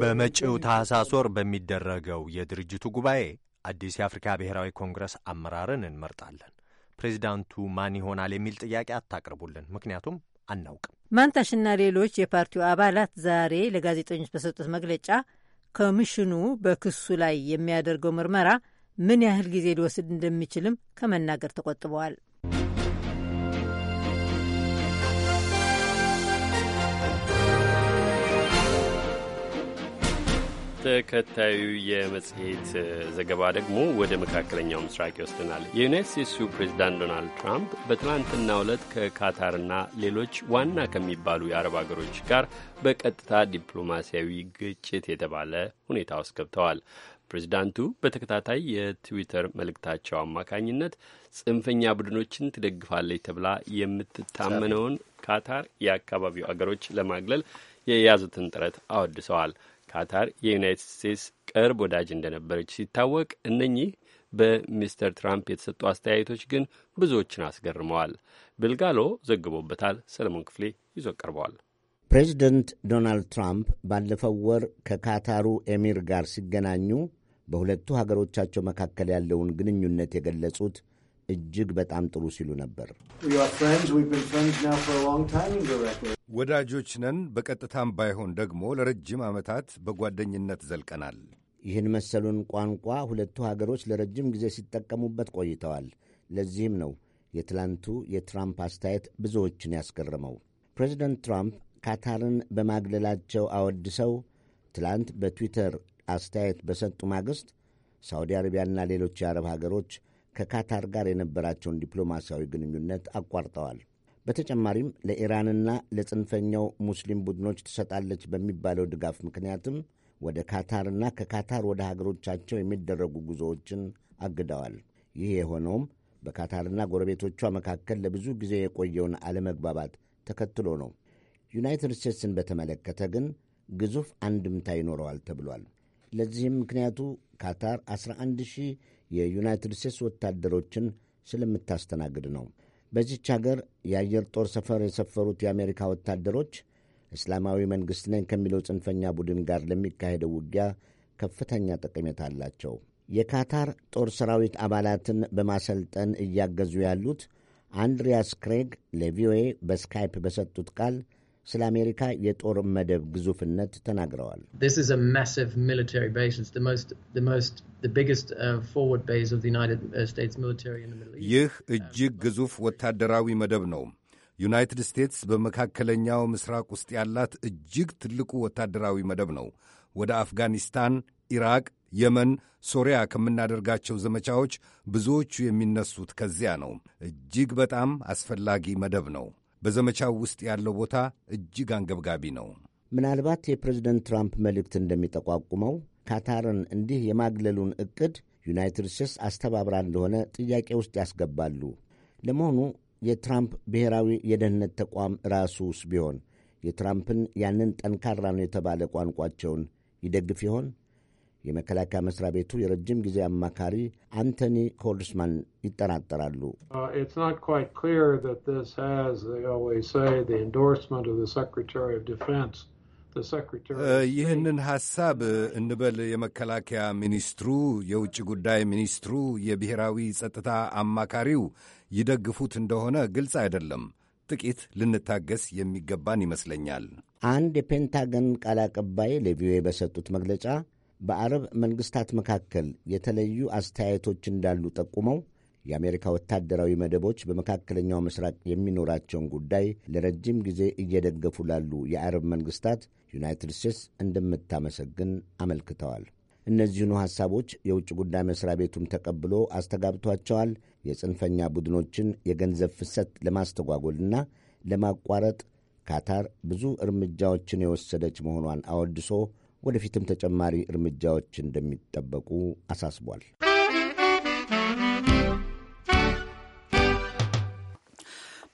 በመጪው ታህሳስ ወር በሚደረገው የድርጅቱ ጉባኤ አዲስ የአፍሪካ ብሔራዊ ኮንግረስ አመራርን እንመርጣለን። ፕሬዚዳንቱ ማን ይሆናል የሚል ጥያቄ አታቅርቡልን፣ ምክንያቱም አናውቅም። ማንታሽና ሌሎች የፓርቲው አባላት ዛሬ ለጋዜጠኞች በሰጡት መግለጫ ኮሚሽኑ በክሱ ላይ የሚያደርገው ምርመራ ምን ያህል ጊዜ ሊወስድ እንደሚችልም ከመናገር ተቆጥበዋል። ተከታዩ የመጽሔት ዘገባ ደግሞ ወደ መካከለኛው ምስራቅ ይወስደናል። የዩናይት ስቴትሱ ፕሬዚዳንት ዶናልድ ትራምፕ በትናንትናው ዕለት ከካታርና ሌሎች ዋና ከሚባሉ የአረብ አገሮች ጋር በቀጥታ ዲፕሎማሲያዊ ግጭት የተባለ ሁኔታ ውስጥ ገብተዋል። ፕሬዚዳንቱ በተከታታይ የትዊተር መልእክታቸው አማካኝነት ጽንፈኛ ቡድኖችን ትደግፋለች ተብላ የምትታመነውን ካታር የአካባቢው አገሮች ለማግለል የያዙትን ጥረት አወድሰዋል። ካታር የዩናይትድ ስቴትስ ቅርብ ወዳጅ እንደነበረች ሲታወቅ እነኚህ በሚስተር ትራምፕ የተሰጡ አስተያየቶች ግን ብዙዎችን አስገርመዋል። ብልጋሎ ዘግቦበታል። ሰለሞን ክፍሌ ይዞ ቀርበዋል። ፕሬዚደንት ዶናልድ ትራምፕ ባለፈው ወር ከካታሩ ኤሚር ጋር ሲገናኙ በሁለቱ ሀገሮቻቸው መካከል ያለውን ግንኙነት የገለጹት እጅግ በጣም ጥሩ ሲሉ ነበር። ወዳጆች ነን፣ በቀጥታም ባይሆን ደግሞ ለረጅም ዓመታት በጓደኝነት ዘልቀናል። ይህን መሰሉን ቋንቋ ሁለቱ ሀገሮች ለረጅም ጊዜ ሲጠቀሙበት ቆይተዋል። ለዚህም ነው የትላንቱ የትራምፕ አስተያየት ብዙዎችን ያስገረመው። ፕሬዚደንት ትራምፕ ካታርን በማግለላቸው አወድሰው ትላንት በትዊተር አስተያየት በሰጡ ማግስት ሳዑዲ አረቢያና ሌሎች የአረብ ሀገሮች ከካታር ጋር የነበራቸውን ዲፕሎማሲያዊ ግንኙነት አቋርጠዋል። በተጨማሪም ለኢራንና ለጽንፈኛው ሙስሊም ቡድኖች ትሰጣለች በሚባለው ድጋፍ ምክንያትም ወደ ካታርና ከካታር ወደ ሀገሮቻቸው የሚደረጉ ጉዞዎችን አግደዋል። ይህ የሆነውም በካታርና ጎረቤቶቿ መካከል ለብዙ ጊዜ የቆየውን አለመግባባት ተከትሎ ነው። ዩናይትድ ስቴትስን በተመለከተ ግን ግዙፍ አንድምታ ይኖረዋል ተብሏል። ለዚህም ምክንያቱ ካታር 11 ሺህ የዩናይትድ ስቴትስ ወታደሮችን ስለምታስተናግድ ነው። በዚች ሀገር የአየር ጦር ሰፈር የሰፈሩት የአሜሪካ ወታደሮች እስላማዊ መንግሥት ነኝ ከሚለው ጽንፈኛ ቡድን ጋር ለሚካሄደው ውጊያ ከፍተኛ ጠቀሜታ አላቸው። የካታር ጦር ሰራዊት አባላትን በማሰልጠን እያገዙ ያሉት አንድሪያስ ክሬግ ለቪኦኤ በስካይፕ በሰጡት ቃል ስለ አሜሪካ የጦር መደብ ግዙፍነት ተናግረዋል። uh, uh, ይህ እጅግ ግዙፍ ወታደራዊ መደብ ነው። ዩናይትድ ስቴትስ በመካከለኛው ምስራቅ ውስጥ ያላት እጅግ ትልቁ ወታደራዊ መደብ ነው። ወደ አፍጋኒስታን፣ ኢራቅ፣ የመን፣ ሶሪያ ከምናደርጋቸው ዘመቻዎች ብዙዎቹ የሚነሱት ከዚያ ነው። እጅግ በጣም አስፈላጊ መደብ ነው። በዘመቻው ውስጥ ያለው ቦታ እጅግ አንገብጋቢ ነው። ምናልባት የፕሬዝደንት ትራምፕ መልእክት እንደሚጠቋቁመው ካታርን እንዲህ የማግለሉን ዕቅድ ዩናይትድ ስቴትስ አስተባብራ እንደሆነ ጥያቄ ውስጥ ያስገባሉ። ለመሆኑ የትራምፕ ብሔራዊ የደህንነት ተቋም ራሱስ ቢሆን የትራምፕን ያንን ጠንካራ ነው የተባለ ቋንቋቸውን ይደግፍ ይሆን? የመከላከያ መስሪያ ቤቱ የረጅም ጊዜ አማካሪ አንቶኒ ኮልስማን ይጠራጠራሉ። uh, uh, ይህንን ሐሳብ uh, እንበል የመከላከያ ሚኒስትሩ፣ የውጭ ጉዳይ ሚኒስትሩ፣ የብሔራዊ ጸጥታ አማካሪው ይደግፉት እንደሆነ ግልጽ አይደለም። ጥቂት ልንታገስ የሚገባን ይመስለኛል። አንድ የፔንታገን ቃል አቀባይ ለቪኦኤ በሰጡት መግለጫ በአረብ መንግስታት መካከል የተለዩ አስተያየቶች እንዳሉ ጠቁመው የአሜሪካ ወታደራዊ መደቦች በመካከለኛው ምስራቅ የሚኖራቸውን ጉዳይ ለረጅም ጊዜ እየደገፉ ላሉ የአረብ መንግስታት ዩናይትድ ስቴትስ እንደምታመሰግን አመልክተዋል። እነዚህኑ ሐሳቦች የውጭ ጉዳይ መሥሪያ ቤቱም ተቀብሎ አስተጋብቷቸዋል። የጽንፈኛ ቡድኖችን የገንዘብ ፍሰት ለማስተጓጎልና ለማቋረጥ ካታር ብዙ እርምጃዎችን የወሰደች መሆኗን አወድሶ ወደፊትም ተጨማሪ እርምጃዎች እንደሚጠበቁ አሳስቧል።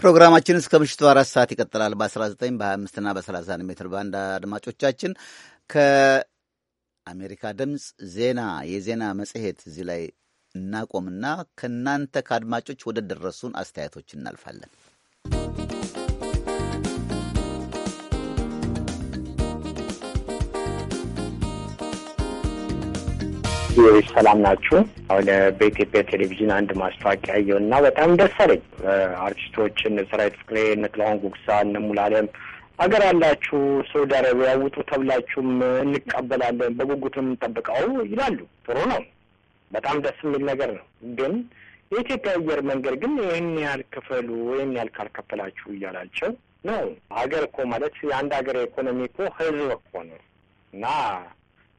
ፕሮግራማችን እስከ ምሽቱ አራት ሰዓት ይቀጥላል። በ19 በ25 እና በ 30 ሜትር ባንድ አድማጮቻችን ከአሜሪካ ድምፅ ዜና የዜና መጽሔት እዚህ ላይ እናቆምና ከእናንተ ከአድማጮች ወደ ደረሱን አስተያየቶች እናልፋለን። ዜዎች ሰላም ናችሁ። አሁን በኢትዮጵያ ቴሌቪዥን አንድ ማስታወቂያ ያየው እና በጣም ደስ አለኝ። አርቲስቶች እነ ሰራዊት ፍቅሬ፣ እነ ጥላሁን ጉግሳ፣ እነ ሙሉዓለም አገር አላችሁ ሳውዲ አረቢያ ውጡ ተብላችሁም እንቀበላለን በጉጉት የምንጠብቀው ይላሉ። ጥሩ ነው። በጣም ደስ የሚል ነገር ነው። ግን የኢትዮጵያ አየር መንገድ ግን ይህን ያህል ክፈሉ ወይም ያህል ካልከፈላችሁ እያላቸው ነው። ሀገር እኮ ማለት የአንድ ሀገር ኢኮኖሚ እኮ ህዝብ እኮ ነው እና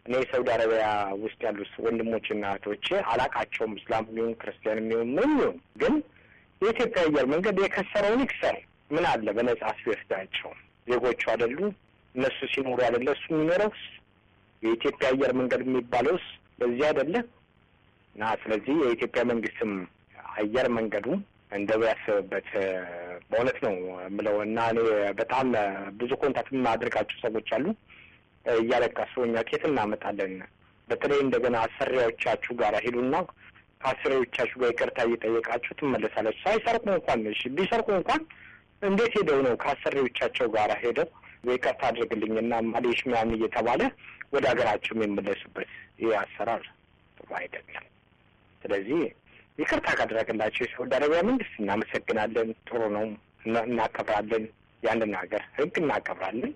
እኔ የሳውዲ አረቢያ ውስጥ ያሉት ወንድሞችና እህቶቼ አላቃቸውም። እስላም የሚሆን ክርስቲያን የሚሆን ምን ይሁን ግን የኢትዮጵያ አየር መንገድ የከሰረውን ይክሰር። ምን አለ በነጻ ሲወስዳቸው ዜጎቹ አይደሉ? እነሱ ሲኖሩ አደለ እሱ የሚኖረውስ የኢትዮጵያ አየር መንገድ የሚባለውስ በዚህ አይደለ? እና ስለዚህ የኢትዮጵያ መንግስትም አየር መንገዱ እንደው ያሰበበት በእውነት ነው የምለው እና እኔ በጣም ብዙ ኮንታክት የማደርጋቸው ሰዎች አሉ እያለቀሱ እኛ ኬት እናመጣለን። በተለይ እንደገና አሰሪዎቻችሁ ጋር ሂዱና ከአሰሪዎቻችሁ ጋር ይቅርታ እየጠየቃችሁ ትመለሳለች። ሳይሰርቁ እንኳን እሺ፣ ቢሰርቁ እንኳን እንዴት ሄደው ነው ከአሰሪዎቻቸው ጋር ሄደው ይቅርታ አድርግልኝና ማሌሽ ምናምን እየተባለ ወደ ሀገራቸው የሚመለሱበት ይህ አሰራር ጥሩ አይደለም። ስለዚህ ይቅርታ ካደረግላቸው የሳውዲ አረቢያ መንግስት እናመሰግናለን፣ ጥሩ ነው፣ እናከብራለን፣ ያንን ሀገር ህግ እናከብራለን።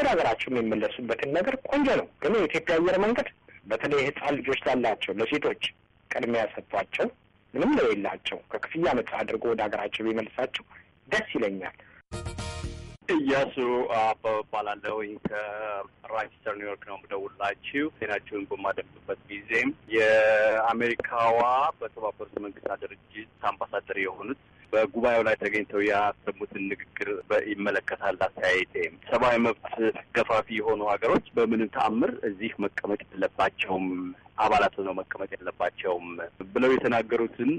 ወደ ሀገራቸው የሚመለሱበትን ነገር ቆንጆ ነው። ግን የኢትዮጵያ አየር መንገድ በተለይ ህፃን ልጆች ላላቸው ለሴቶች ቅድሚያ ሰጥቷቸው ምንም ለሌላቸው ከክፍያ ነጻ አድርጎ ወደ ሀገራቸው ቢመልሳቸው ደስ ይለኛል። እያሱ አበበ እባላለሁ። ከራንችስተር ኒውዮርክ ነው የምደውልላችሁ። ዜናችሁን በማደምጥበት ጊዜም የአሜሪካዋ በተባበሩት መንግስታት ድርጅት አምባሳደር የሆኑት በጉባኤው ላይ ተገኝተው ያሰሙትን ንግግር ይመለከታል። አስተያየቴም ሰብአዊ መብት ገፋፊ የሆኑ ሀገሮች በምንም ተአምር እዚህ መቀመጥ የለባቸውም አባላት ሆነው መቀመጥ የለባቸውም ብለው የተናገሩትን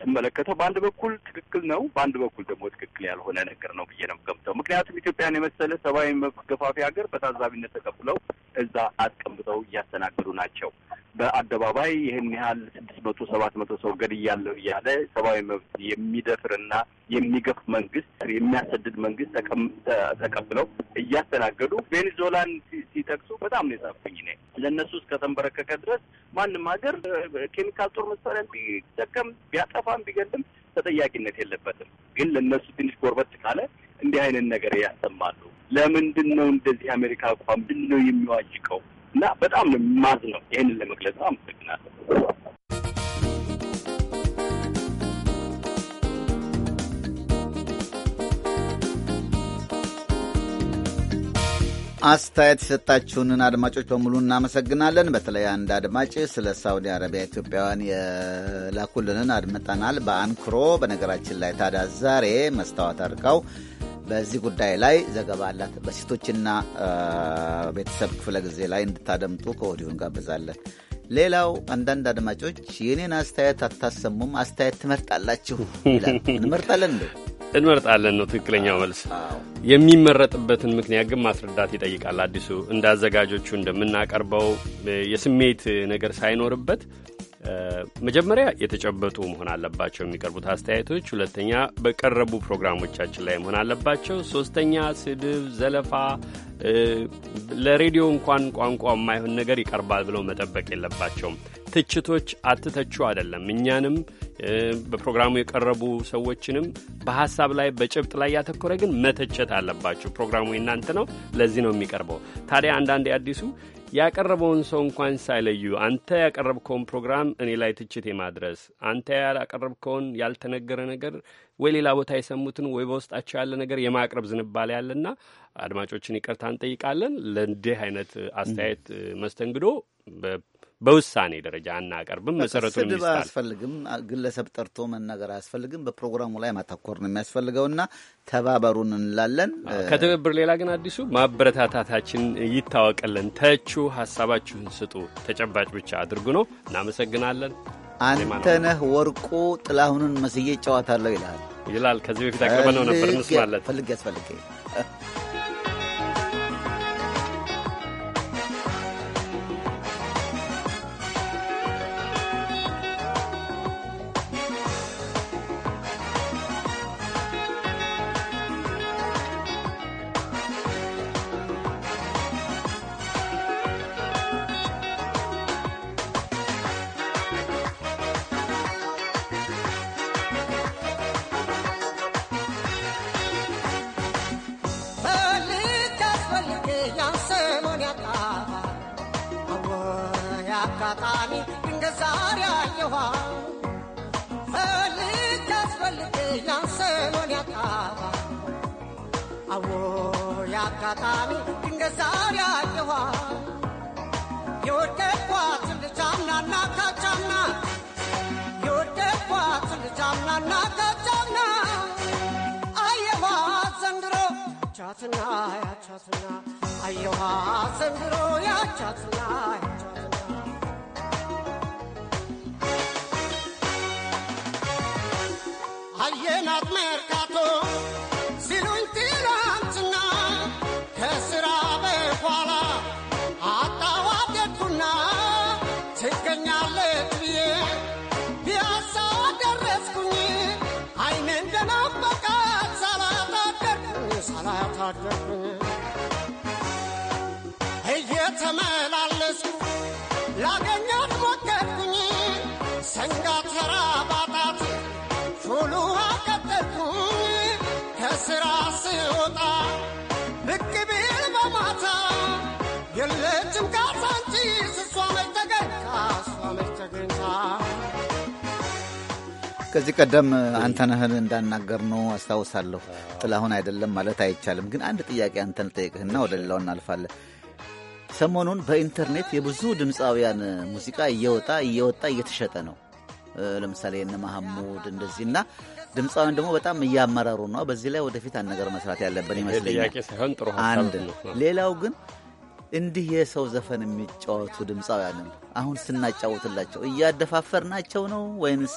ስመለከተው በአንድ በኩል ትክክል ነው፣ በአንድ በኩል ደግሞ ትክክል ያልሆነ ነገር ነው ብዬ ነው ገምተው። ምክንያቱም ኢትዮጵያን የመሰለ ሰብአዊ መብት ገፋፊ ሀገር በታዛቢነት ተቀብለው እዛ አስቀምጠው እያስተናገዱ ናቸው። በአደባባይ ይህን ያህል ስድስት መቶ ሰባት መቶ ሰው ገድያለሁ እያለ ሰብአዊ መብት የሚደፍርና የሚገፍ መንግስት የሚያሰድድ መንግስት ተቀብለው እያስተናገዱ ቬኔዙዌላን ሲጠቅሱ በጣም ነው የጻፍኩኝ ነ ለእነሱ እስከተንበረከከ ድረስ ማንም ሀገር ኬሚካል ጦር መሳሪያ ቢጠቀም ቢያጠፋም ቢገልም ተጠያቂነት የለበትም። ግን ለእነሱ ትንሽ ጎርበት ካለ እንዲህ አይነት ነገር ያሰማሉ። ለምንድን ነው እንደዚህ አሜሪካ አቋም ምንድን ነው የሚዋጅቀው? እና በጣም ማዝ ነው። ይህንን ለመግለጽ አመሰግናለሁ። አስተያየት የሰጣችሁንን አድማጮች በሙሉ እናመሰግናለን። በተለይ አንድ አድማጭ ስለ ሳውዲ አረቢያ ኢትዮጵያውያን የላኩልንን አድምጠናል በአንክሮ። በነገራችን ላይ ታዲያ ዛሬ መስታወት አድርጋው በዚህ ጉዳይ ላይ ዘገባ አላት። በሴቶችና ቤተሰብ ክፍለ ጊዜ ላይ እንድታደምጡ ከወዲሁ እንጋብዛለን። ሌላው አንዳንድ አድማጮች የኔን አስተያየት አታሰሙም፣ አስተያየት ትመርጣላችሁ ይላል። እንመርጣለን እንዴ? እንመርጣለን ነው ትክክለኛው መልስ። የሚመረጥበትን ምክንያት ግን ማስረዳት ይጠይቃል። አዲሱ እንደ አዘጋጆቹ እንደምናቀርበው የስሜት ነገር ሳይኖርበት መጀመሪያ የተጨበጡ መሆን አለባቸው የሚቀርቡት አስተያየቶች፣ ሁለተኛ በቀረቡ ፕሮግራሞቻችን ላይ መሆን አለባቸው፣ ሶስተኛ ስድብ፣ ዘለፋ ለሬዲዮ እንኳን ቋንቋ የማይሆን ነገር ይቀርባል ብለው መጠበቅ የለባቸውም። ትችቶች አትተቹ አይደለም። እኛንም በፕሮግራሙ የቀረቡ ሰዎችንም በሀሳብ ላይ በጭብጥ ላይ ያተኮረ ግን መተቸት አለባቸው። ፕሮግራሙ የናንተ ነው፣ ለዚህ ነው የሚቀርበው። ታዲያ አንዳንድ አዲሱ ያቀረበውን ሰው እንኳን ሳይለዩ አንተ ያቀረብከውን ፕሮግራም እኔ ላይ ትችት የማድረስ አንተ ያላቀረብከውን ያልተነገረ ነገር ወይ ሌላ ቦታ የሰሙትን ወይ በውስጣቸው ያለ ነገር የማቅረብ ዝንባሌ ያለና አድማጮችን ይቅርታ እንጠይቃለን። ለእንዲህ አይነት አስተያየት መስተንግዶ በውሳኔ ደረጃ አናቀርብም። መሰረቱ ስድብ አያስፈልግም። ግለሰብ ጠርቶ መናገር አያስፈልግም። በፕሮግራሙ ላይ ማተኮር ነው የሚያስፈልገውና ተባበሩን እንላለን። ከትብብር ሌላ ግን አዲሱ ማበረታታታችን ይታወቀለን። ተቹ፣ ሀሳባችሁን ስጡ፣ ተጨባጭ ብቻ አድርጉ ነው። እናመሰግናለን። አንተነህ ወርቁ ጥላሁንን መስዬ ጨዋታለሁ ይላል ይላል። ከዚህ በፊት አቅርበነው ነበር። እንስ ፈልግ ያስፈልግ ከዚህ ቀደም አንተነህን እንዳናገር ነው አስታውሳለሁ። ጥላሁን አይደለም ማለት አይቻልም፣ ግን አንድ ጥያቄ አንተን ጠይቅህና ወደ ሌላው እናልፋለን። ሰሞኑን በኢንተርኔት የብዙ ድምፃውያን ሙዚቃ እየወጣ እየወጣ እየተሸጠ ነው። ለምሳሌ እነ መሐሙድ እንደዚህ እና ድምፃውያን ደግሞ በጣም እያመራሩ ነው። በዚህ ላይ ወደፊት አንድ ነገር መስራት ያለብን ይመስለኛል። አንድ ሌላው ግን እንዲህ የሰው ዘፈን የሚጫወቱ ድምፃውያንን አሁን ስናጫወትላቸው እያደፋፈርናቸው ነው ወይንስ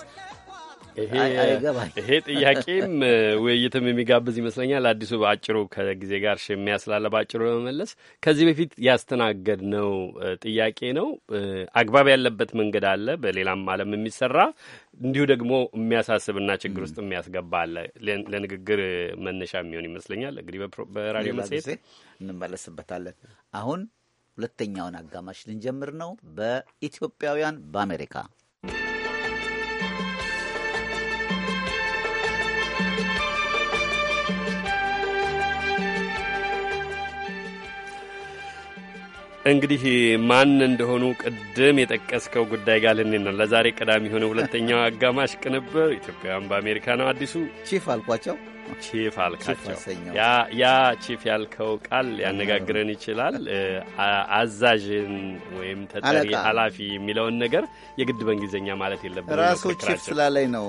ይሄ ጥያቄም ውይይትም የሚጋብዝ ይመስለኛል። አዲሱ በአጭሩ ከጊዜ ጋር ሽሚያ ስላለ በአጭሩ ለመመለስ ከዚህ በፊት ያስተናገድ ነው ጥያቄ ነው። አግባብ ያለበት መንገድ አለ፣ በሌላም ዓለም የሚሰራ እንዲሁ ደግሞ የሚያሳስብና ችግር ውስጥ የሚያስገባ አለ። ለንግግር መነሻ የሚሆን ይመስለኛል። እንግዲህ በራዲዮ መጽሔት እንመለስበታለን። አሁን ሁለተኛውን አጋማሽ ልንጀምር ነው። በኢትዮጵያውያን በአሜሪካ እንግዲህ ማን እንደሆኑ ቅድም የጠቀስከው ጉዳይ ጋር ልንሄድ ነው። ለዛሬ ቀዳሚ የሆነ ሁለተኛው አጋማሽ ቅንብር ኢትዮጵያውያን በአሜሪካ ነው። አዲሱ ቺፍ አልኳቸው ቺፍ አልካቸው። ያ ቺፍ ያልከው ቃል ሊያነጋግረን ይችላል። አዛዥን ወይም ተጠሪ ኃላፊ የሚለውን ነገር የግድ በእንግሊዝኛ ማለት የለብንም። ራሱ ቺፍ ስላለኝ ነው።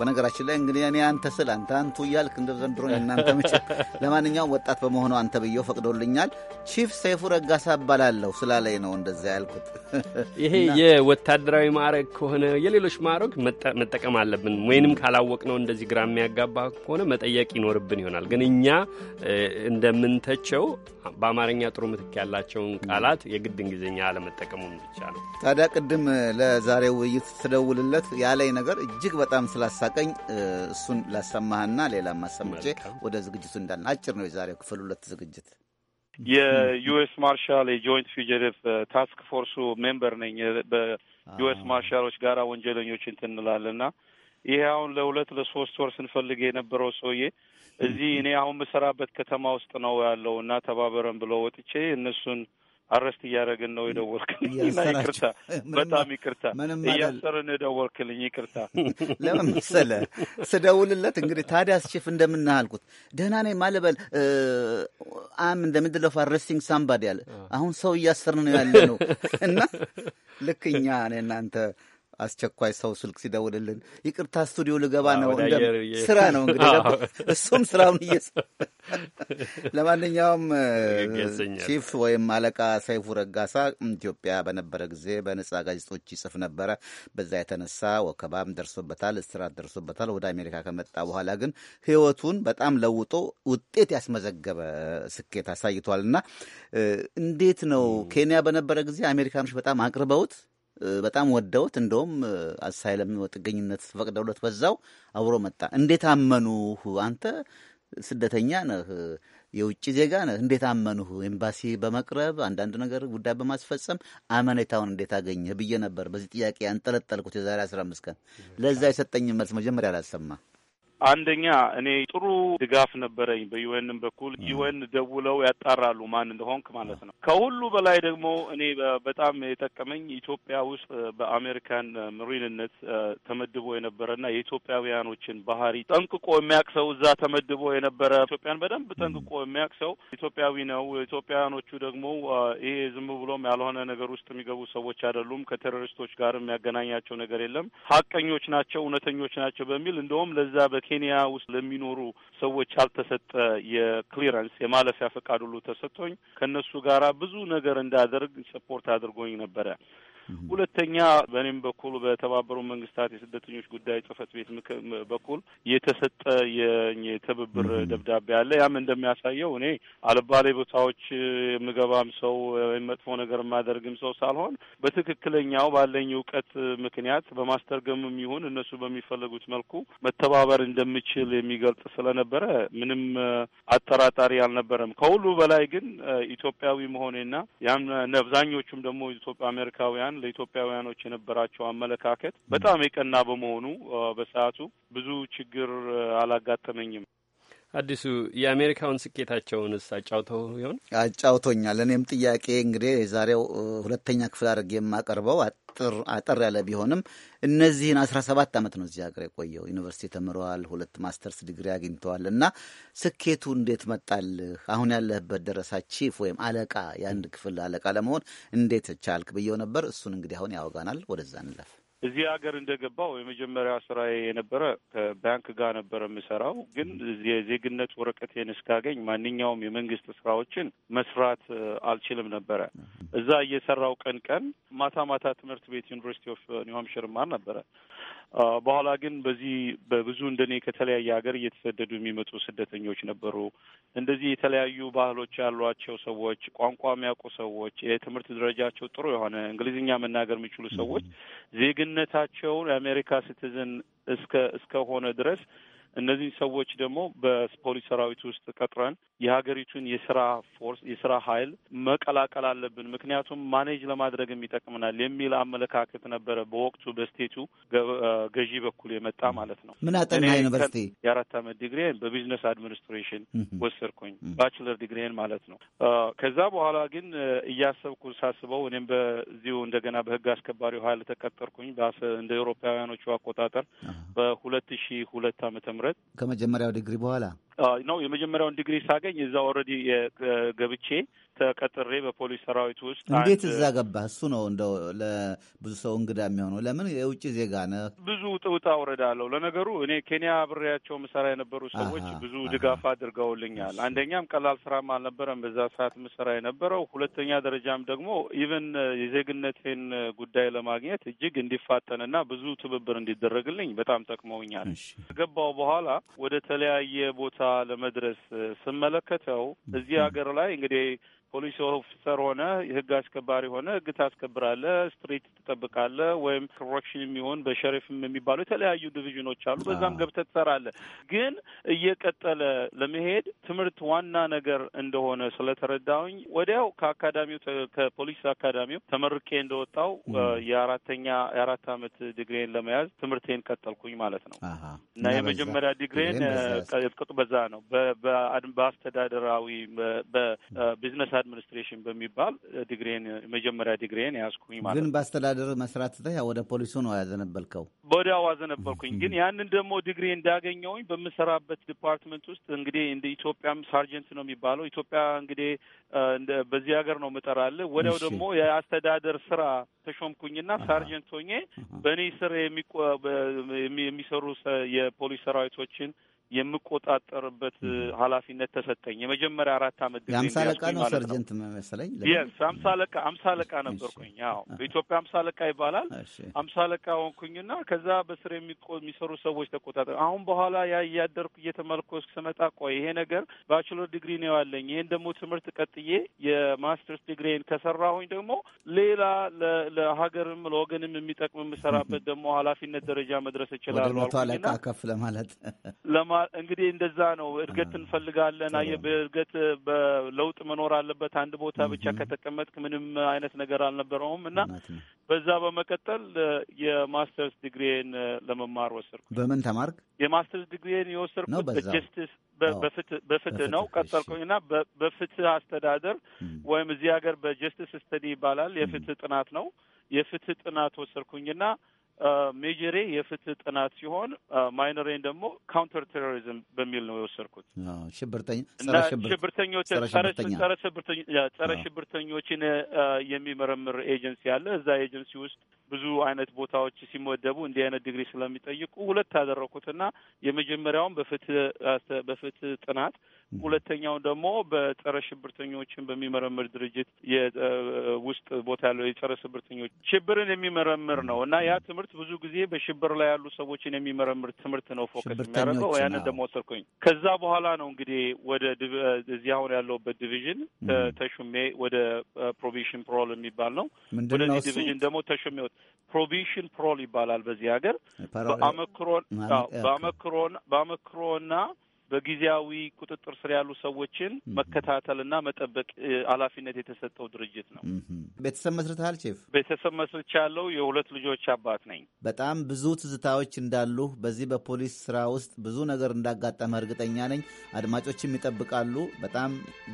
በነገራችን ላይ እንግዲህ እኔ አንተ ስል አንተ አንቱ እያልክ እንደ ዘንድሮ እናንተ ምች። ለማንኛውም ወጣት በመሆኑ አንተ ብየው ፈቅዶልኛል። ቺፍ ሰይፉ ረጋሳ እባላለሁ ስላለኝ ነው እንደዚያ ያልኩት። ይሄ የወታደራዊ ማዕረግ ከሆነ የሌሎች ማዕረግ መጠቀም አለብን ወይንም ካላወቅ ነው እንደዚህ ግራ የሚያጋባ ከሆነ መጠየቅ ይኖርብን ይሆናል። ግን እኛ እንደምንተቸው በአማርኛ ጥሩ ምትክ ያላቸውን ቃላት የግድ እንግሊዝኛ አለመጠቀሙን ብቻ ነው። ታዲያ ቅድም ለዛሬው ውይይት ስደውልለት ያለኝ ነገር እጅግ በጣም ስላሳቀኝ እሱን ላሰማህና ሌላ አሰምቼ ወደ ዝግጅቱ እንዳለ አጭር ነው የዛሬው ክፍል ሁለት ዝግጅት። የዩኤስ ማርሻል የጆይንት ፊጀሪቭ ታስክ ፎርሱ ሜምበር ነኝ። በዩኤስ ማርሻሎች ጋራ ወንጀለኞች እንትን ይሄ አሁን ለሁለት ለሶስት ወር ስንፈልግ የነበረው ሰውዬ እዚህ እኔ አሁን የምሰራበት ከተማ ውስጥ ነው ያለው እና ተባበረን ብሎ ወጥቼ እነሱን አረስት እያደረግን ነው የደወልክልኝ። እና ይቅርታ፣ በጣም ይቅርታ፣ እያሰርን የደወልክልኝ ይቅርታ። ለምን መሰለህ ስደውልለት እንግዲህ ታዲያስ ቺፍ እንደምን አልኩት፣ ደህና ነኝ ማለበል አም እንደምንድን አረስቲንግ ሳምባዲ አለ። አሁን ሰው እያሰርን ነው ያለ ነው እና ልክ እኛ እኔ እናንተ አስቸኳይ ሰው ስልክ ሲደውልልን ይቅርታ ስቱዲዮ ልገባ ነው። ስራ ነው እንግዲህ እሱም ስራውን እየሰ ለማንኛውም ቺፍ ወይም አለቃ ሰይፉ ረጋሳ ኢትዮጵያ በነበረ ጊዜ በነጻ ጋዜጦች ይጽፍ ነበረ። በዛ የተነሳ ወከባም ደርሶበታል፣ እስራት ደርሶበታል። ወደ አሜሪካ ከመጣ በኋላ ግን ህይወቱን በጣም ለውጦ ውጤት ያስመዘገበ ስኬት አሳይቷል እና እንዴት ነው ኬንያ በነበረ ጊዜ አሜሪካኖች በጣም አቅርበውት በጣም ወደውት እንደውም አሳይለም ጥገኝነት ፈቅደውለት በዛው አብሮ መጣ። እንዴት አመኑህ? አንተ ስደተኛ ነህ፣ የውጭ ዜጋ ነህ። እንዴት አመኑህ? ኤምባሲ በመቅረብ አንዳንድ ነገር ጉዳይ በማስፈጸም አመኔታውን እንዴት አገኘህ ብዬ ነበር። በዚህ ጥያቄ ያንጠለጠልኩት የዛሬ አስራ አምስት ቀን ለዛ የሰጠኝ መልስ መጀመሪያ አላሰማ አንደኛ እኔ ጥሩ ድጋፍ ነበረኝ በዩኤንም በኩል ዩኤን ደውለው ያጣራሉ ማን እንደሆንክ ማለት ነው። ከሁሉ በላይ ደግሞ እኔ በጣም የጠቀመኝ ኢትዮጵያ ውስጥ በአሜሪካን ምሪንነት ተመድቦ የነበረና የኢትዮጵያውያኖችን ባህሪ ጠንቅቆ የሚያውቅ ሰው እዛ ተመድቦ የነበረ ኢትዮጵያን በደንብ ጠንቅቆ የሚያውቅ ሰው ኢትዮጵያዊ ነው። ኢትዮጵያውያኖቹ ደግሞ ይሄ ዝም ብሎም ያልሆነ ነገር ውስጥ የሚገቡ ሰዎች አይደሉም። ከቴሮሪስቶች ጋር የሚያገናኛቸው ነገር የለም። ሀቀኞች ናቸው፣ እውነተኞች ናቸው በሚል እንደውም ለዛ በ ኬንያ ውስጥ ለሚኖሩ ሰዎች ያልተሰጠ የክሊረንስ የማለፊያ ፈቃድ ሁሉ ተሰጥቶኝ ከእነሱ ጋራ ብዙ ነገር እንዳደርግ ሰፖርት አድርጎኝ ነበረ። ሁለተኛ በእኔም በኩል በተባበሩ መንግስታት የስደተኞች ጉዳይ ጽህፈት ቤት በኩል የተሰጠ የትብብር ደብዳቤ አለ። ያም እንደሚያሳየው እኔ አልባሌ ቦታዎች የምገባም ሰው ወይም መጥፎ ነገር የማደርግም ሰው ሳልሆን በትክክለኛው ባለኝ እውቀት ምክንያት በማስተርገምም ይሁን እነሱ በሚፈልጉት መልኩ መተባበር እንደምችል የሚገልጽ ስለነበረ ምንም አጠራጣሪ አልነበረም። ከሁሉ በላይ ግን ኢትዮጵያዊ መሆኔና ያም አብዛኞቹም ደግሞ ኢትዮጵያ አሜሪካውያን ለኢትዮጵያውያኖች የነበራቸው አመለካከት በጣም የቀና በመሆኑ በሰዓቱ ብዙ ችግር አላጋጠመኝም። አዲሱ የአሜሪካውን ስኬታቸውን ስ አጫውተው ይሆን? አጫውቶኛል። እኔም ጥያቄ እንግዲህ የዛሬው ሁለተኛ ክፍል አድርጌ የማቀርበው አጠር ያለ ቢሆንም እነዚህን አስራ ሰባት ዓመት ነው እዚህ ሀገር የቆየው። ዩኒቨርሲቲ ተምረዋል፣ ሁለት ማስተርስ ዲግሪ አግኝተዋል። እና ስኬቱ እንዴት መጣልህ? አሁን ያለህበት ደረሳ ቺፍ ወይም አለቃ፣ የአንድ ክፍል አለቃ ለመሆን እንዴት ቻልክ ብየው ነበር። እሱን እንግዲህ አሁን ያወጋናል። ወደዛ እንለፍ። እዚህ ሀገር እንደገባው የመጀመሪያ ስራዬ የነበረ ከባንክ ጋር ነበረ የምሰራው። ግን የዜግነት ወረቀቴን እስካገኝ ማንኛውም የመንግስት ስራዎችን መስራት አልችልም ነበረ። እዛ እየሰራው ቀን ቀን ማታ ማታ ትምህርት ቤት ዩኒቨርሲቲ ኦፍ ኒውሃምሽር ማር ነበረ። በኋላ ግን በዚህ በብዙ እንደኔ ከተለያየ ሀገር እየተሰደዱ የሚመጡ ስደተኞች ነበሩ። እንደዚህ የተለያዩ ባህሎች ያሏቸው ሰዎች፣ ቋንቋ የሚያውቁ ሰዎች፣ የትምህርት ደረጃቸው ጥሩ የሆነ እንግሊዝኛ መናገር የሚችሉ ሰዎች ዜግነታቸውን የአሜሪካ ሲቲዝን እስከ እስከሆነ ድረስ እነዚህ ሰዎች ደግሞ በፖሊስ ሰራዊት ውስጥ ቀጥረን የሀገሪቱን የስራ ፎርስ የስራ ኃይል መቀላቀል አለብን፣ ምክንያቱም ማኔጅ ለማድረግም ይጠቅመናል የሚል አመለካከት ነበረ በወቅቱ በስቴቱ ገዢ በኩል የመጣ ማለት ነው። ምን አጠና ዩኒቨርሲቲ የአራት ዓመት ዲግሪን በቢዝነስ አድሚኒስትሬሽን ወሰድኩኝ፣ ባችለር ዲግሪን ማለት ነው። ከዛ በኋላ ግን እያሰብኩ ሳስበው እኔም በዚሁ እንደገና በህግ አስከባሪው ኃይል ተቀጠርኩኝ እንደ ኤውሮፓውያኖቹ አቆጣጠር በሁለት ሺህ ሁለት ዓመተ ምህረት ከመጀመሪያው ዲግሪ በኋላ ነው የመጀመሪያውን ዲግሪ ሳገኝ እዛ ኦልሬዲ ገብቼ ተቀጥሬ በፖሊስ ሰራዊት ውስጥ እንዴት እዛ ገባ? እሱ ነው እንደው ለብዙ ሰው እንግዳ የሚሆነው። ለምን የውጭ ዜጋ ነህ። ብዙ ውጣ ውረድ አለው። ለነገሩ እኔ ኬንያ አብሬያቸው ምሰራ የነበሩ ሰዎች ብዙ ድጋፍ አድርገውልኛል። አንደኛም ቀላል ስራም አልነበረም በዛ ሰዓት ምሰራ የነበረው። ሁለተኛ ደረጃም ደግሞ ኢቨን የዜግነቴን ጉዳይ ለማግኘት እጅግ እንዲፋጠንና ብዙ ትብብር እንዲደረግልኝ በጣም ጠቅመውኛል። ከገባው በኋላ ወደ ተለያየ ቦታ ለመድረስ ስመለከተው እዚህ ሀገር ላይ እንግዲህ ፖሊስ ኦፊሰር ሆነ የህግ አስከባሪ ሆነ ህግ ታስከብራለ፣ ስትሪት ትጠብቃለ፣ ወይም ኮረክሽን የሚሆን በሸሪፍም የሚባሉ የተለያዩ ዲቪዥኖች አሉ። በዛም ገብተ ትሰራለ። ግን እየቀጠለ ለመሄድ ትምህርት ዋና ነገር እንደሆነ ስለተረዳውኝ ወዲያው ከአካዳሚው ከፖሊስ አካዳሚው ተመርቄ እንደወጣው የአራተኛ የአራት አመት ዲግሪን ለመያዝ ትምህርቴን ቀጠልኩኝ ማለት ነው እና የመጀመሪያ ዲግሪን በዛ ነው በአስተዳደራዊ በቢዝነስ አድሚኒስትሬሽን በሚባል ዲግሬን መጀመሪያ ዲግሬን ያዝኩኝ ማለት ግን በአስተዳደር መስራት ተ ወደ ፖሊሱ ነው ያዘነበልከው? ወዲያው አዘነበልኩኝ። ግን ያንን ደግሞ ዲግሪ እንዳገኘውኝ በምሰራበት ዲፓርትመንት ውስጥ እንግዲህ እንደ ኢትዮጵያም ሳርጀንት ነው የሚባለው። ኢትዮጵያ እንግዲህ በዚህ ሀገር ነው ምጠራለ። ወዲያው ደግሞ የአስተዳደር ስራ ተሾምኩኝና ሳርጀንት ሆኜ በእኔ ስር የሚሰሩ የፖሊስ ሰራዊቶችን የምቆጣጠርበት ኃላፊነት ተሰጠኝ። የመጀመሪያ አራት አመት ጊዜ የአምሳ አለቃ ነው ሰርጀንት መሰለኝ። የስ አምሳ አለቃ አምሳ አለቃ ነበርኩኝ። አዎ በኢትዮጵያ አምሳ አለቃ ይባላል። አምሳ አለቃ ሆንኩኝና ከዛ በስር የሚሰሩ ሰዎች ተቆጣጠር። አሁን በኋላ ያ እያደርኩ እየተመልኮ ስመጣ ቆይ ይሄ ነገር ባችሎር ዲግሪ ነው ያለኝ፣ ይሄን ደግሞ ትምህርት ቀጥዬ የማስተርስ ዲግሪን ከሰራሁኝ ደግሞ ሌላ ለሀገርም ለወገንም የሚጠቅም የምሰራበት ደግሞ ኃላፊነት ደረጃ መድረስ እችላለሁ። አለቃ ከፍ ለማለት ለማ እንግዲህ እንደዛ ነው። እድገት እንፈልጋለን። አየ በእድገት በለውጥ መኖር አለበት። አንድ ቦታ ብቻ ከተቀመጥክ ምንም አይነት ነገር አልነበረውም እና በዛ በመቀጠል የማስተርስ ዲግሪን ለመማር ወሰድኩ። በምን ተማርክ? የማስተርስ ዲግሪን የወሰድኩት በጀስቲስ በፍትህ ነው። ቀጠልኩኝና በፍትህ አስተዳደር ወይም እዚህ ሀገር በጀስቲስ ስተዲ ይባላል። የፍትህ ጥናት ነው። የፍትህ ጥናት ወሰድኩኝና ሜጀሬ የፍትህ ጥናት ሲሆን ማይነሬን ደግሞ ካውንተር ቴሮሪዝም በሚል ነው የወሰድኩት። ሽብርተኝ ጸረ ሽብርተኞችን የሚመረምር ኤጀንሲ አለ። እዛ ኤጀንሲ ውስጥ ብዙ አይነት ቦታዎች ሲመደቡ እንዲህ አይነት ዲግሪ ስለሚጠይቁ ሁለት ያደረኩትና የመጀመሪያውን በፍትህ በፍትህ ጥናት ሁለተኛው ደግሞ በጸረ ሽብርተኞችን በሚመረምር ድርጅት ውስጥ ቦታ ያለው የጸረ ሽብርተኞች ሽብርን የሚመረምር ነው እና ያ ትምህርት ብዙ ጊዜ በሽብር ላይ ያሉ ሰዎችን የሚመረምር ትምህርት ነው ፎከስ የሚያደርገው። ያንን ደግሞ ወሰድኩኝ። ከዛ በኋላ ነው እንግዲህ ወደ እዚህ አሁን ያለውበት ዲቪዥን ተሹሜ ወደ ፕሮቪሽን ፕሮል የሚባል ነው። ወደዚህ ዲቪዥን ደግሞ ተሹሜ ፕሮቪሽን ፕሮል ይባላል በዚህ ሀገር በአመክሮን በአመክሮና በጊዜያዊ ቁጥጥር ስር ያሉ ሰዎችን መከታተልና መጠበቅ ኃላፊነት የተሰጠው ድርጅት ነው። ቤተሰብ መስርተሃል ቼፍ? ቤተሰብ መስርቻ የሁለት ልጆች አባት ነኝ። በጣም ብዙ ትዝታዎች እንዳሉ በዚህ በፖሊስ ስራ ውስጥ ብዙ ነገር እንዳጋጠመ እርግጠኛ ነኝ። አድማጮችም ይጠብቃሉ። በጣም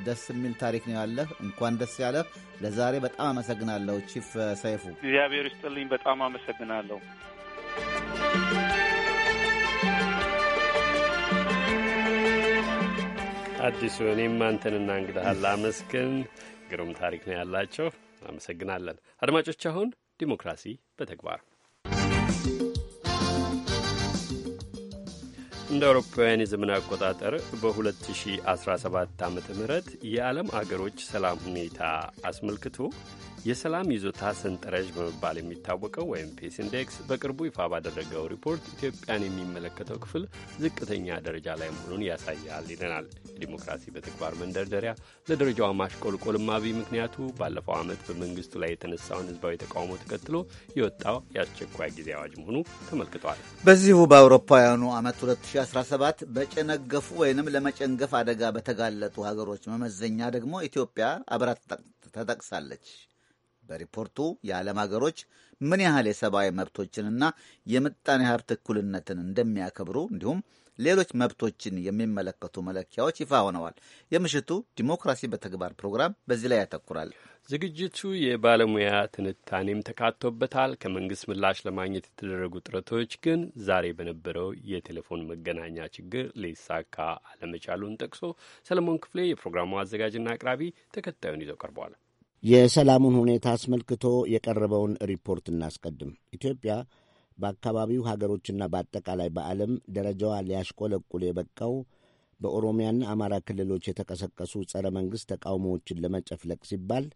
ደስ የሚል ታሪክ ነው ያለህ። እንኳን ደስ ያለህ። ለዛሬ በጣም አመሰግናለሁ ቺፍ ሰይፉ። እግዚአብሔር ይስጥልኝ። በጣም አመሰግናለሁ። አዲሱ እኔም አንተንና እንግዳህን ላመስግን። ግሩም ታሪክ ነው ያላቸው። አመሰግናለን። አድማጮች አሁን ዲሞክራሲ በተግባር እንደ አውሮፓውያን የዘመን አቆጣጠር በ2017 ዓ ም የዓለም አገሮች ሰላም ሁኔታ አስመልክቶ የሰላም ይዞታ ሰንጠረዥ በመባል የሚታወቀው ወይም ፔስ ኢንዴክስ በቅርቡ ይፋ ባደረገው ሪፖርት ኢትዮጵያን የሚመለከተው ክፍል ዝቅተኛ ደረጃ ላይ መሆኑን ያሳያል ይለናል። ዲሞክራሲ በተግባር መንደርደሪያ ለደረጃዋ ማሽቆልቆልማቢ ምክንያቱ ባለፈው ዓመት በመንግስቱ ላይ የተነሳውን ህዝባዊ ተቃውሞ ተከትሎ የወጣው የአስቸኳይ ጊዜ አዋጅ መሆኑ ተመልክቷል። በዚሁ በአውሮፓውያኑ ዓመት 2017 በጨነገፉ ወይንም ለመጨንገፍ አደጋ በተጋለጡ ሀገሮች መመዘኛ ደግሞ ኢትዮጵያ አብራት ተጠቅሳለች። በሪፖርቱ የዓለም ሀገሮች ምን ያህል የሰብአዊ መብቶችንና የምጣኔ ሀብት እኩልነትን እንደሚያከብሩ እንዲሁም ሌሎች መብቶችን የሚመለከቱ መለኪያዎች ይፋ ሆነዋል። የምሽቱ ዲሞክራሲ በተግባር ፕሮግራም በዚህ ላይ ያተኩራል። ዝግጅቱ የባለሙያ ትንታኔም ተካቶበታል። ከመንግስት ምላሽ ለማግኘት የተደረጉ ጥረቶች ግን ዛሬ በነበረው የቴሌፎን መገናኛ ችግር ሊሳካ አለመቻሉን ጠቅሶ ሰለሞን ክፍሌ የፕሮግራሙ አዘጋጅና አቅራቢ ተከታዩን ይዘው ቀርበዋል። የሰላሙን ሁኔታ አስመልክቶ የቀረበውን ሪፖርት እናስቀድም። ኢትዮጵያ በአካባቢው ሀገሮችና በአጠቃላይ በዓለም ደረጃዋ ሊያሽቆለቁል የበቃው በኦሮሚያና አማራ ክልሎች የተቀሰቀሱ ጸረ መንግሥት ተቃውሞዎችን ለመጨፍለቅ ሲባል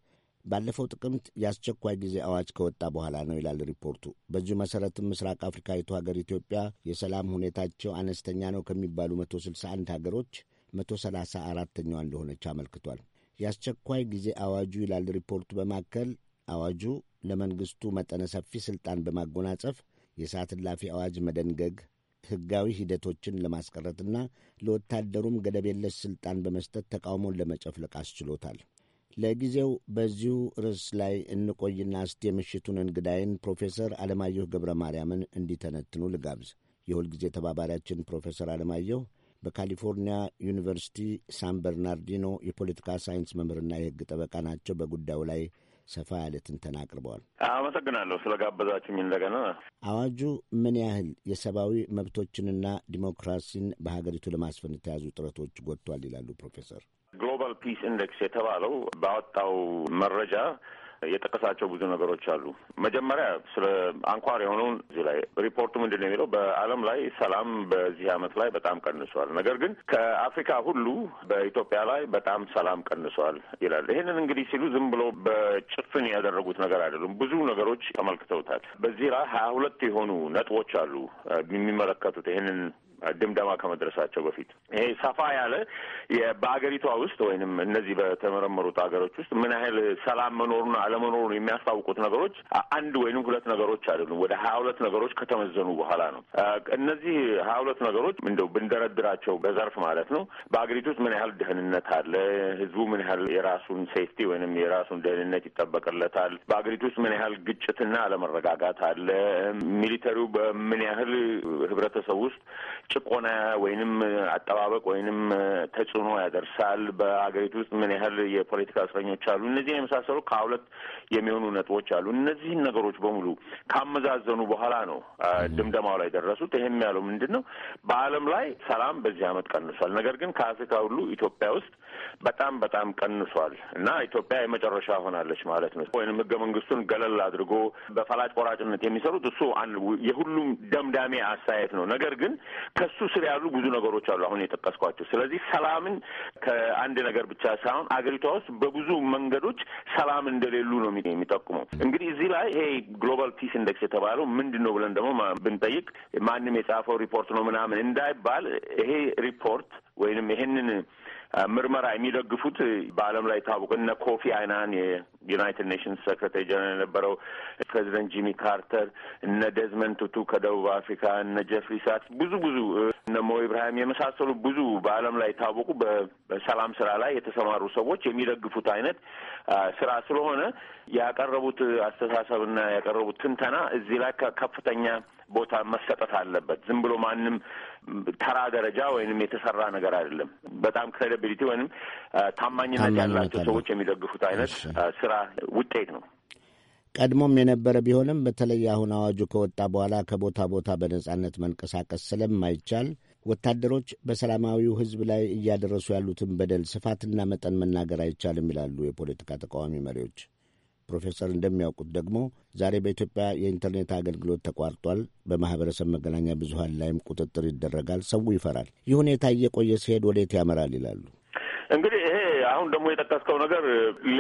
ባለፈው ጥቅምት የአስቸኳይ ጊዜ አዋጅ ከወጣ በኋላ ነው ይላል ሪፖርቱ። በዚሁ መሠረትም ምስራቅ አፍሪካዊቱ ሀገር ኢትዮጵያ የሰላም ሁኔታቸው አነስተኛ ነው ከሚባሉ 161 ሀገሮች 134ኛዋ እንደሆነች አመልክቷል። የአስቸኳይ ጊዜ አዋጁ ይላል ሪፖርቱ በማከል አዋጁ ለመንግሥቱ መጠነ ሰፊ ሥልጣን በማጎናጸፍ የሰዓት እላፊ አዋጅ መደንገግ ሕጋዊ ሂደቶችን ለማስቀረትና ለወታደሩም ገደብ የለሽ ሥልጣን በመስጠት ተቃውሞን ለመጨፍለቅ አስችሎታል። ለጊዜው በዚሁ ርዕስ ላይ እንቆይና እስቲ የምሽቱን እንግዳይን ፕሮፌሰር አለማየሁ ገብረ ማርያምን እንዲተነትኑ ልጋብዝ። የሁልጊዜ ተባባሪያችን ፕሮፌሰር አለማየሁ በካሊፎርኒያ ዩኒቨርሲቲ ሳን በርናርዲኖ የፖለቲካ ሳይንስ መምህርና የሕግ ጠበቃ ናቸው። በጉዳዩ ላይ ሰፋ ያለ ትንተና አቅርበዋል። አመሰግናለሁ ስለ ጋበዛችሁ። እንደገና አዋጁ ምን ያህል የሰብአዊ መብቶችንና ዲሞክራሲን በሀገሪቱ ለማስፈን የተያዙ ጥረቶች ጎድቷል ይላሉ ፕሮፌሰር። ግሎባል ፒስ ኢንዴክስ የተባለው ባወጣው መረጃ የጠቀሳቸው ብዙ ነገሮች አሉ። መጀመሪያ ስለ አንኳር የሆነውን እዚህ ላይ ሪፖርቱ ምንድን ነው የሚለው በዓለም ላይ ሰላም በዚህ አመት ላይ በጣም ቀንሷል፣ ነገር ግን ከአፍሪካ ሁሉ በኢትዮጵያ ላይ በጣም ሰላም ቀንሷል ይላል። ይህንን እንግዲህ ሲሉ ዝም ብሎ በጭፍን ያደረጉት ነገር አይደሉም። ብዙ ነገሮች ተመልክተውታል። በዚህ ላይ ሀያ ሁለት የሆኑ ነጥቦች አሉ የሚመለከቱት ይህንን ድምደማ ከመድረሳቸው በፊት ይሄ ሰፋ ያለ በአገሪቷ ውስጥ ወይንም እነዚህ በተመረመሩት ሀገሮች ውስጥ ምን ያህል ሰላም መኖሩን አለመኖሩን የሚያስታውቁት ነገሮች አንድ ወይንም ሁለት ነገሮች አይደሉም። ወደ ሀያ ሁለት ነገሮች ከተመዘኑ በኋላ ነው። እነዚህ ሀያ ሁለት ነገሮች እንደው ብንደረድራቸው በዘርፍ ማለት ነው። በአገሪቱ ውስጥ ምን ያህል ደህንነት አለ? ህዝቡ ምን ያህል የራሱን ሴፍቲ ወይንም የራሱን ደህንነት ይጠበቅለታል? በሀገሪቱ ውስጥ ምን ያህል ግጭትና አለመረጋጋት አለ? ሚሊተሪው በምን ያህል ህብረተሰብ ውስጥ ጭቆና ወይንም አጠባበቅ ወይንም ተጽዕኖ ያደርሳል፣ በአገሪቱ ውስጥ ምን ያህል የፖለቲካ እስረኞች አሉ፣ እነዚህን የመሳሰሉ ከሁለት የሚሆኑ ነጥቦች አሉ። እነዚህን ነገሮች በሙሉ ካመዛዘኑ በኋላ ነው ድምደማው ላይ ደረሱት። ይህም ያለው ምንድን ነው? በዓለም ላይ ሰላም በዚህ ዓመት ቀንሷል። ነገር ግን ከአፍሪካ ሁሉ ኢትዮጵያ ውስጥ በጣም በጣም ቀንሷል እና ኢትዮጵያ የመጨረሻ ሆናለች ማለት ነው። ወይንም ህገ መንግስቱን ገለል አድርጎ በፈላጭ ቆራጭነት የሚሰሩት እሱ የሁሉም ደምዳሜ አስተያየት ነው። ነገር ግን ከሱ ስር ያሉ ብዙ ነገሮች አሉ አሁን የጠቀስኳቸው። ስለዚህ ሰላምን ከአንድ ነገር ብቻ ሳይሆን አገሪቷ ውስጥ በብዙ መንገዶች ሰላም እንደሌሉ ነው የሚጠቁመው። እንግዲህ እዚህ ላይ ይሄ ግሎባል ፒስ ኢንደክስ የተባለው ምንድን ነው ብለን ደግሞ ብንጠይቅ ማንም የጻፈው ሪፖርት ነው ምናምን እንዳይባል ይሄ ሪፖርት ወይንም ይሄንን ምርመራ የሚደግፉት በዓለም ላይ ታወቁ እነ ኮፊ አይናን የዩናይትድ ኔሽንስ ሰክረታሪ ጀነራል የነበረው ፕሬዚደንት ጂሚ ካርተር፣ እነ ደዝመን ቱቱ ከደቡብ አፍሪካ፣ እነ ጀፍሪ ሳት ብዙ ብዙ እነ ሞ ኢብራሂም የመሳሰሉ ብዙ በዓለም ላይ ታወቁ በሰላም ስራ ላይ የተሰማሩ ሰዎች የሚደግፉት አይነት ስራ ስለሆነ ያቀረቡት አስተሳሰብና ያቀረቡት ትንተና እዚህ ላይ ከፍተኛ ቦታ መሰጠት አለበት። ዝም ብሎ ማንም ተራ ደረጃ ወይንም የተሰራ ነገር አይደለም። በጣም ክሬዲቢሊቲ ወይንም ታማኝነት ያላቸው ሰዎች የሚደግፉት አይነት ስራ ውጤት ነው። ቀድሞም የነበረ ቢሆንም በተለይ አሁን አዋጁ ከወጣ በኋላ ከቦታ ቦታ በነጻነት መንቀሳቀስ ስለማይቻል ወታደሮች በሰላማዊው ሕዝብ ላይ እያደረሱ ያሉትን በደል ስፋትና መጠን መናገር አይቻልም ይላሉ የፖለቲካ ተቃዋሚ መሪዎች። ፕሮፌሰር እንደሚያውቁት ደግሞ ዛሬ በኢትዮጵያ የኢንተርኔት አገልግሎት ተቋርጧል። በማህበረሰብ መገናኛ ብዙኃን ላይም ቁጥጥር ይደረጋል። ሰው ይፈራል። ይህ ሁኔታ እየቆየ ሲሄድ ወዴት ያመራል ይላሉ? እንግዲህ አሁን ደግሞ የጠቀስከው ነገር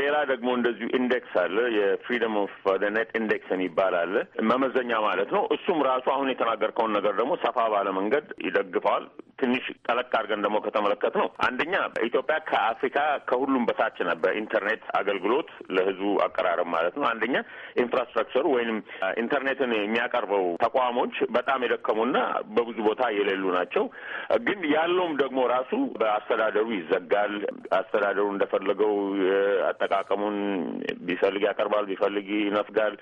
ሌላ ደግሞ እንደዚሁ ኢንዴክስ አለ። የፍሪደም ኦፍ ኔት ኢንዴክስ የሚባል አለ፣ መመዘኛ ማለት ነው። እሱም ራሱ አሁን የተናገርከውን ነገር ደግሞ ሰፋ ባለ መንገድ ይደግፈዋል። ትንሽ ጠለቅ አድርገን ደግሞ ከተመለከት ነው አንደኛ ኢትዮጵያ ከአፍሪካ ከሁሉም በታች ነ በኢንተርኔት አገልግሎት ለህዝቡ አቀራረብ ማለት ነው። አንደኛ ኢንፍራስትራክቸሩ ወይንም ኢንተርኔትን የሚያቀርበው ተቋሞች በጣም የደከሙና በብዙ ቦታ የሌሉ ናቸው። ግን ያለውም ደግሞ ራሱ በአስተዳደሩ ይዘጋል። አስተዳደሩ እንደፈለገው አጠቃቀሙን ቢፈልግ ያቀርባል፣ ቢፈልግ ይነፍጋል፣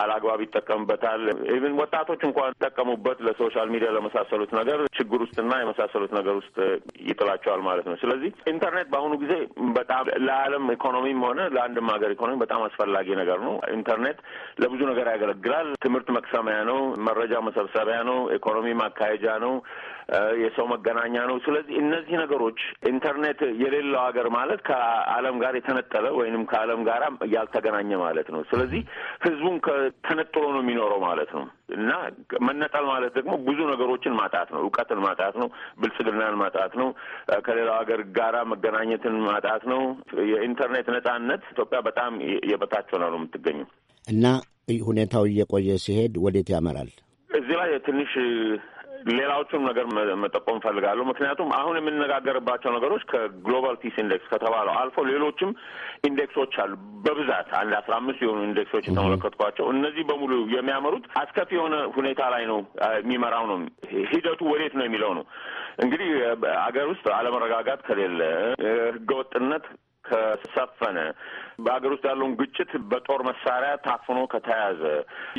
አላግባብ ይጠቀምበታል። ኢቭን ወጣቶች እንኳን ይጠቀሙበት ለሶሻል ሚዲያ ለመሳሰሉት ነገር ችግር ውስጥና የመሳሰሉት ነገር ውስጥ ይጥላቸዋል ማለት ነው። ስለዚህ ኢንተርኔት በአሁኑ ጊዜ በጣም ለዓለም ኢኮኖሚም ሆነ ለአንድም ሀገር ኢኮኖሚ በጣም አስፈላጊ ነገር ነው። ኢንተርኔት ለብዙ ነገር ያገለግላል። ትምህርት መቅሰሚያ ነው። መረጃ መሰብሰቢያ ነው። ኢኮኖሚ ማካሄጃ ነው። የሰው መገናኛ ነው። ስለዚህ እነዚህ ነገሮች ኢንተርኔት የሌለው ሀገር ማለት ከዓለም ጋር የተነጠለ ወይንም ከዓለም ጋር ያልተገናኘ ማለት ነው። ስለዚህ ህዝቡን ተነጥሎ ነው የሚኖረው ማለት ነው እና መነጠል ማለት ደግሞ ብዙ ነገሮችን ማጣት ነው። እውቀትን ማጣት ነው። ብልጽግናን ማጣት ነው። ከሌላው ሀገር ጋራ መገናኘትን ማጣት ነው። የኢንተርኔት ነጻነት ኢትዮጵያ በጣም የበታች ሆና ነው የምትገኘው እና ሁኔታው እየቆየ ሲሄድ ወዴት ያመራል? እዚህ ላይ ትንሽ ሌላዎቹም ነገር መጠቆም እፈልጋለሁ። ምክንያቱም አሁን የምንነጋገርባቸው ነገሮች ከግሎባል ፒስ ኢንዴክስ ከተባለው አልፎ ሌሎችም ኢንዴክሶች አሉ በብዛት አንድ አስራ አምስት የሆኑ ኢንዴክሶች የተመለከትኳቸው እነዚህ በሙሉ የሚያመሩት አስከፊ የሆነ ሁኔታ ላይ ነው የሚመራው ነው ሂደቱ ወዴት ነው የሚለው ነው እንግዲህ አገር ውስጥ አለመረጋጋት ከሌለ ህገወጥነት ከሰፈነ በሀገር ውስጥ ያለውን ግጭት በጦር መሳሪያ ታፍኖ ከተያዘ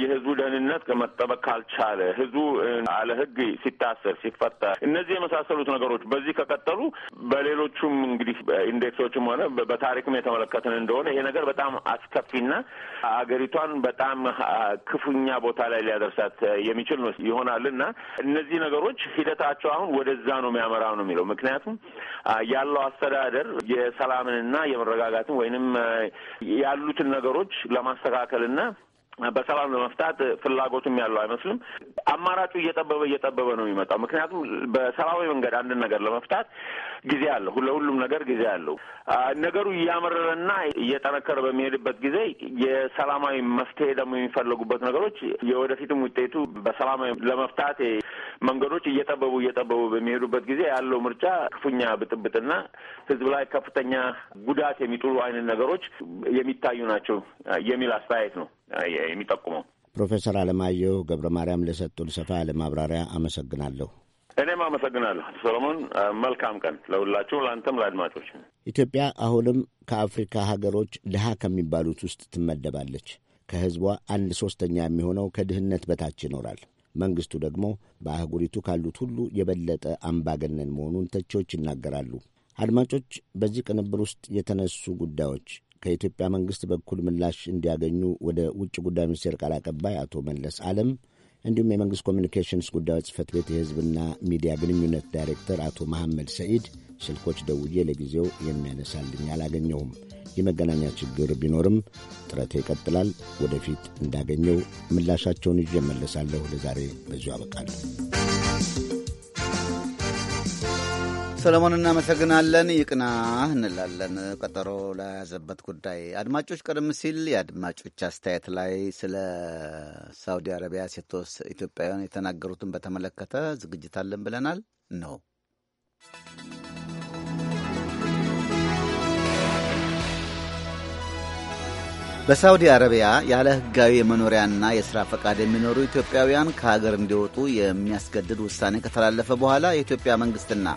የህዝቡ ደህንነት መጠበቅ ካልቻለ ህዝቡ አለ ህግ ሲታሰር ሲፈታ፣ እነዚህ የመሳሰሉት ነገሮች በዚህ ከቀጠሉ በሌሎቹም እንግዲህ ኢንዴክሶችም ሆነ በታሪክም የተመለከትን እንደሆነ ይሄ ነገር በጣም አስከፊና አገሪቷን በጣም ክፉኛ ቦታ ላይ ሊያደርሳት የሚችል ነው ይሆናል እና እነዚህ ነገሮች ሂደታቸው አሁን ወደዛ ነው የሚያመራው ነው የሚለው ምክንያቱም ያለው አስተዳደር የሰላምንና የመረጋጋትን ወይንም ያሉትን ነገሮች ለማስተካከልና በሰላም ለመፍታት ፍላጎቱም ያለው አይመስልም። አማራጩ እየጠበበ እየጠበበ ነው የሚመጣው። ምክንያቱም በሰላማዊ መንገድ አንድን ነገር ለመፍታት ጊዜ አለው፣ ለሁሉም ነገር ጊዜ አለው። ነገሩ እያመረረና እየጠነከረ በሚሄድበት ጊዜ የሰላማዊ መፍትሄ ደግሞ የሚፈለጉበት ነገሮች የወደፊትም ውጤቱ በሰላማዊ ለመፍታት መንገዶች እየጠበቡ እየጠበቡ በሚሄዱበት ጊዜ ያለው ምርጫ ክፉኛ ብጥብጥና ህዝብ ላይ ከፍተኛ ጉዳት የሚጥሉ አይነት ነገሮች የሚታዩ ናቸው የሚል አስተያየት ነው። የሚጠቁመው። ፕሮፌሰር አለማየሁ ገብረ ማርያም ለሰጡን ሰፋ ያለ ማብራሪያ አመሰግናለሁ። እኔም አመሰግናለሁ ሰሎሞን። መልካም ቀን ለሁላችሁ፣ ለአንተም ለአድማጮች። ኢትዮጵያ አሁንም ከአፍሪካ ሀገሮች ድሃ ከሚባሉት ውስጥ ትመደባለች። ከህዝቧ አንድ ሶስተኛ የሚሆነው ከድህነት በታች ይኖራል። መንግስቱ ደግሞ በአህጉሪቱ ካሉት ሁሉ የበለጠ አምባገነን መሆኑን ተቺዎች ይናገራሉ። አድማጮች፣ በዚህ ቅንብር ውስጥ የተነሱ ጉዳዮች ከኢትዮጵያ መንግስት በኩል ምላሽ እንዲያገኙ ወደ ውጭ ጉዳይ ሚኒስቴር ቃል አቀባይ አቶ መለስ አለም እንዲሁም የመንግስት ኮሚኒኬሽንስ ጉዳዮች ጽህፈት ቤት የህዝብና ሚዲያ ግንኙነት ዳይሬክተር አቶ መሐመድ ሰኢድ ስልኮች ደውዬ ለጊዜው የሚያነሳልኝ አላገኘሁም። የመገናኛ ችግር ቢኖርም ጥረቴ ይቀጥላል። ወደፊት እንዳገኘው ምላሻቸውን ይዤ እመለሳለሁ። ለዛሬ በዚሁ አበቃለሁ። ሰለሞን እናመሰግናለን። ይቅና እንላለን ቀጠሮ ለያዘበት ጉዳይ። አድማጮች፣ ቀደም ሲል የአድማጮች አስተያየት ላይ ስለ ሳውዲ አረቢያ ሴቶች ኢትዮጵያውያን የተናገሩትን በተመለከተ ዝግጅት አለን ብለናል ነው በሳውዲ አረቢያ ያለ ሕጋዊ የመኖሪያና የሥራ ፈቃድ የሚኖሩ ኢትዮጵያውያን ከሀገር እንዲወጡ የሚያስገድድ ውሳኔ ከተላለፈ በኋላ የኢትዮጵያ መንግሥትና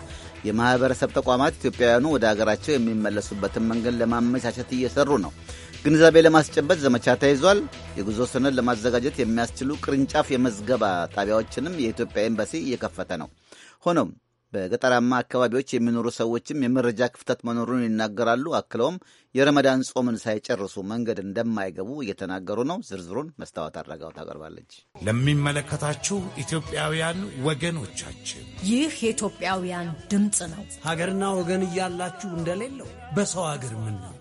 የማህበረሰብ ተቋማት ኢትዮጵያውያኑ ወደ ሀገራቸው የሚመለሱበትን መንገድ ለማመቻቸት እየሰሩ ነው። ግንዛቤ ለማስጨበጥ ዘመቻ ተይዟል። የጉዞ ሰነድ ለማዘጋጀት የሚያስችሉ ቅርንጫፍ የመዝገባ ጣቢያዎችንም የኢትዮጵያ ኤምባሲ እየከፈተ ነው። ሆኖም በገጠራማ አካባቢዎች የሚኖሩ ሰዎችም የመረጃ ክፍተት መኖሩን ይናገራሉ። አክለውም የረመዳን ጾምን ሳይጨርሱ መንገድ እንደማይገቡ እየተናገሩ ነው። ዝርዝሩን መስታወት አድረጋው ታቀርባለች። ለሚመለከታችሁ ኢትዮጵያውያን ወገኖቻችን ይህ የኢትዮጵያውያን ድምፅ ነው። ሀገርና ወገን እያላችሁ እንደሌለው በሰው ሀገር ምን ነው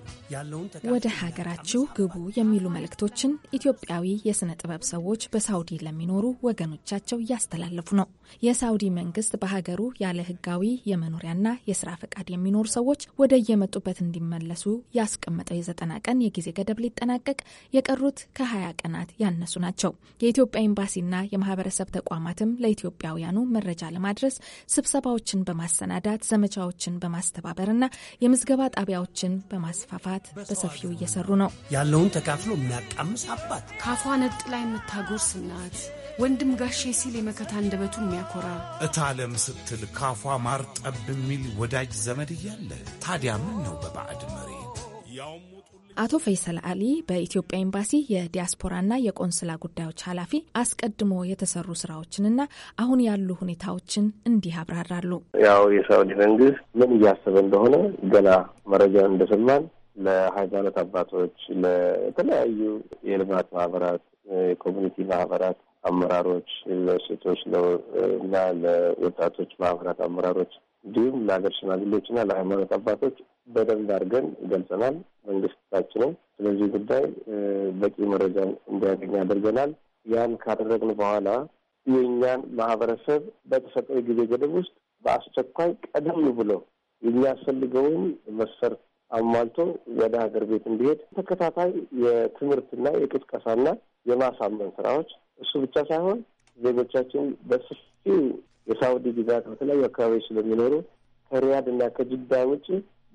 ወደ ሀገራችሁ ግቡ የሚሉ መልእክቶችን ኢትዮጵያዊ የሥነ ጥበብ ሰዎች በሳውዲ ለሚኖሩ ወገኖቻቸው እያስተላለፉ ነው። የሳውዲ መንግስት በሀገሩ ያለ ህጋዊ የመኖሪያና የስራ ፈቃድ የሚኖሩ ሰዎች ወደ የመጡበት እንዲመለሱ ያስቀመጠው የዘጠና ቀን የጊዜ ገደብ ሊጠናቀቅ የቀሩት ከሀያ ቀናት ያነሱ ናቸው። የኢትዮጵያ ኤምባሲና የማህበረሰብ ተቋማትም ለኢትዮጵያውያኑ መረጃ ለማድረስ ስብሰባዎችን በማሰናዳት ዘመቻዎችን በማስተባበርና የምዝገባ ጣቢያዎችን በማስፋፋት በሰፊው እየሰሩ ነው። ያለውን ተካፍሎ የሚያቃምስ አባት ካፏ ነጥ ላይ የምታጎርስ እናት ወንድም ጋሼ ሲል የመከታ አንደበቱ የሚያኮራ እታለም ስትል ካፏ ማር ጠብ የሚል ወዳጅ ዘመድ እያለ ታዲያ ምን ነው በባዕድ መሬት። አቶ ፈይሰል አሊ በኢትዮጵያ ኤምባሲ የዲያስፖራና የቆንስላ ጉዳዮች ኃላፊ አስቀድሞ የተሰሩ ስራዎችንና አሁን ያሉ ሁኔታዎችን እንዲህ አብራራሉ። ያው የሳውዲ መንግስት ምን እያሰበ እንደሆነ ገና መረጃ እንደሰማን ለሃይማኖት አባቶች፣ ለተለያዩ የልማት ማህበራት፣ የኮሚኒቲ ማህበራት አመራሮች፣ ለሴቶች እና ለወጣቶች ማህበራት አመራሮች እንዲሁም ለሀገር ሽማግሌዎች እና ለሃይማኖት አባቶች በደንብ አድርገን ገልጸናል። መንግስታችንም ስለዚህ ጉዳይ በቂ መረጃ እንዲያገኝ አድርገናል። ያን ካደረግን በኋላ የእኛን ማህበረሰብ በተሰጠው ጊዜ ገደብ ውስጥ በአስቸኳይ ቀደም ብሎ የሚያስፈልገውን መስፈርት አሟልቶ ወደ ሀገር ቤት እንዲሄድ ተከታታይ የትምህርትና የቅስቀሳና የማሳመን ስራዎች እሱ ብቻ ሳይሆን ዜጎቻችን በሰፊው የሳውዲ ግዛት በተለያዩ አካባቢዎች ስለሚኖሩ ከሪያድ እና ከጅዳ ውጭ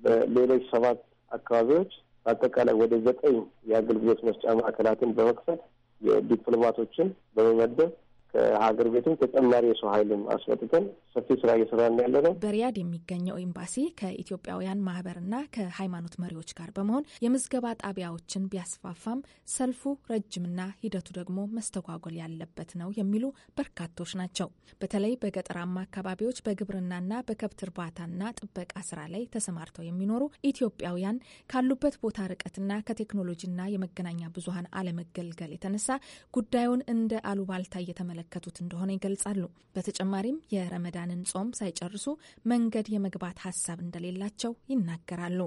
በሌሎች ሰባት አካባቢዎች በአጠቃላይ ወደ ዘጠኝ የአገልግሎት መስጫ ማዕከላትን በመክፈት የዲፕሎማቶችን በመመደብ ከሀገር ቤትም ተጨማሪ የሰው ኃይልም አስመጥተን ሰፊ ስራ እየሰራ ያለ ነው። በሪያድ የሚገኘው ኤምባሲ ከኢትዮጵያውያን ማህበርና ከሃይማኖት መሪዎች ጋር በመሆን የምዝገባ ጣቢያዎችን ቢያስፋፋም ሰልፉ ረጅምና ሂደቱ ደግሞ መስተጓጎል ያለበት ነው የሚሉ በርካቶች ናቸው። በተለይ በገጠራማ አካባቢዎች በግብርናና በከብት እርባታና ጥበቃ ስራ ላይ ተሰማርተው የሚኖሩ ኢትዮጵያውያን ካሉበት ቦታ ርቀትና ከቴክኖሎጂና የመገናኛ ብዙሀን አለመገልገል የተነሳ ጉዳዩን እንደ አሉባልታ እየተመለከ የሚመለከቱት እንደሆነ ይገልጻሉ። በተጨማሪም የረመዳንን ጾም ሳይጨርሱ መንገድ የመግባት ሀሳብ እንደሌላቸው ይናገራሉ።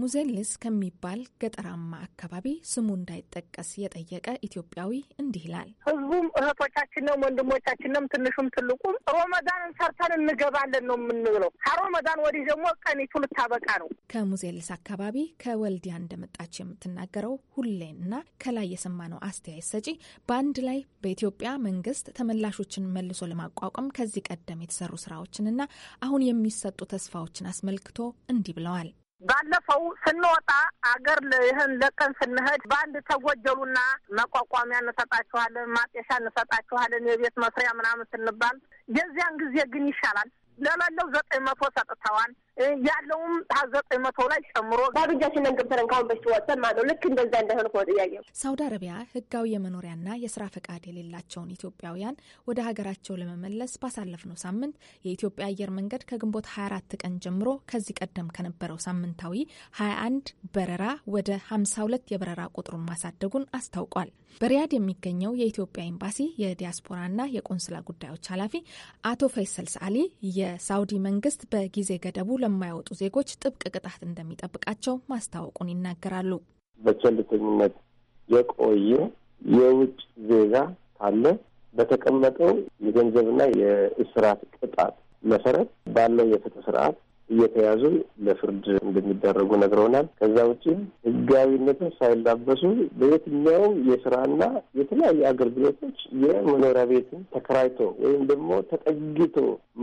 ሙዜልስ ከሚባል ገጠራማ አካባቢ ስሙ እንዳይጠቀስ የጠየቀ ኢትዮጵያዊ እንዲህ ይላል። ህዝቡም እህቶቻችንም ወንድሞቻችንም ትንሹም ትልቁም ሮመዳንን ሰርተን እንገባለን ነው የምንለው። ከሮመዳን ወዲህ ደግሞ ቀኒቱ ልታበቃ ነው። ከሙዜልስ አካባቢ ከወልዲያ እንደመጣች የምትናገረው ሁሌና ከላይ የሰማነው አስተያየት ሰጪ በአንድ ላይ በኢትዮጵያ መንግስት ተመላሾችን መልሶ ለማቋቋም ከዚህ ቀደም የተሰሩ ስራዎችንና አሁን የሚሰጡ ተስፋዎችን አስመልክቶ እንዲህ ብለዋል። ባለፈው ስንወጣ አገር ይህን ለቀን ስንሄድ በአንድ ተጎጀሉና መቋቋሚያ እንሰጣችኋለን፣ ማጤሻ እንሰጣችኋለን፣ የቤት መስሪያ ምናምን ስንባል የዚያን ጊዜ ግን ይሻላል ለላለው ዘጠኝ መቶ ሰጥተዋል። ያለውም ዘጠኝ መቶ ላይ ጨምሮ በአብጃችን ነንገብተን ካሁን በፊት ወጥተን ማለት ነው። ልክ እንደዛ እንዳይሆን ከሆነ ጥያቄ ሳውዲ አረቢያ ህጋዊ የመኖሪያና የስራ ፈቃድ የሌላቸውን ኢትዮጵያውያን ወደ ሀገራቸው ለመመለስ ባሳለፍነው ሳምንት የኢትዮጵያ አየር መንገድ ከግንቦት 24 ቀን ጀምሮ ከዚህ ቀደም ከነበረው ሳምንታዊ 21 በረራ ወደ 52 የበረራ ቁጥሩን ማሳደጉን አስታውቋል። በሪያድ የሚገኘው የኢትዮጵያ ኤምባሲ የዲያስፖራና የቆንስላ ጉዳዮች ኃላፊ አቶ ፈይሰል ሰአሊ የሳውዲ መንግስት በጊዜ ገደቡ ለማይወጡ ዜጎች ጥብቅ ቅጣት እንደሚጠብቃቸው ማስታወቁን ይናገራሉ። በቸልተኝነት የቆየ የውጭ ዜጋ ካለ በተቀመጠው የገንዘብና የእስራት ቅጣት መሰረት ባለው የፍትህ ስርዓት እየተያዙ ለፍርድ እንደሚዳረጉ ነግረውናል። ከዛ ውጭ ህጋዊነትን ሳይላበሱ በየትኛውም የስራና የተለያዩ አገልግሎቶች የመኖሪያ ቤትን ተከራይቶ ወይም ደግሞ ተጠግቶ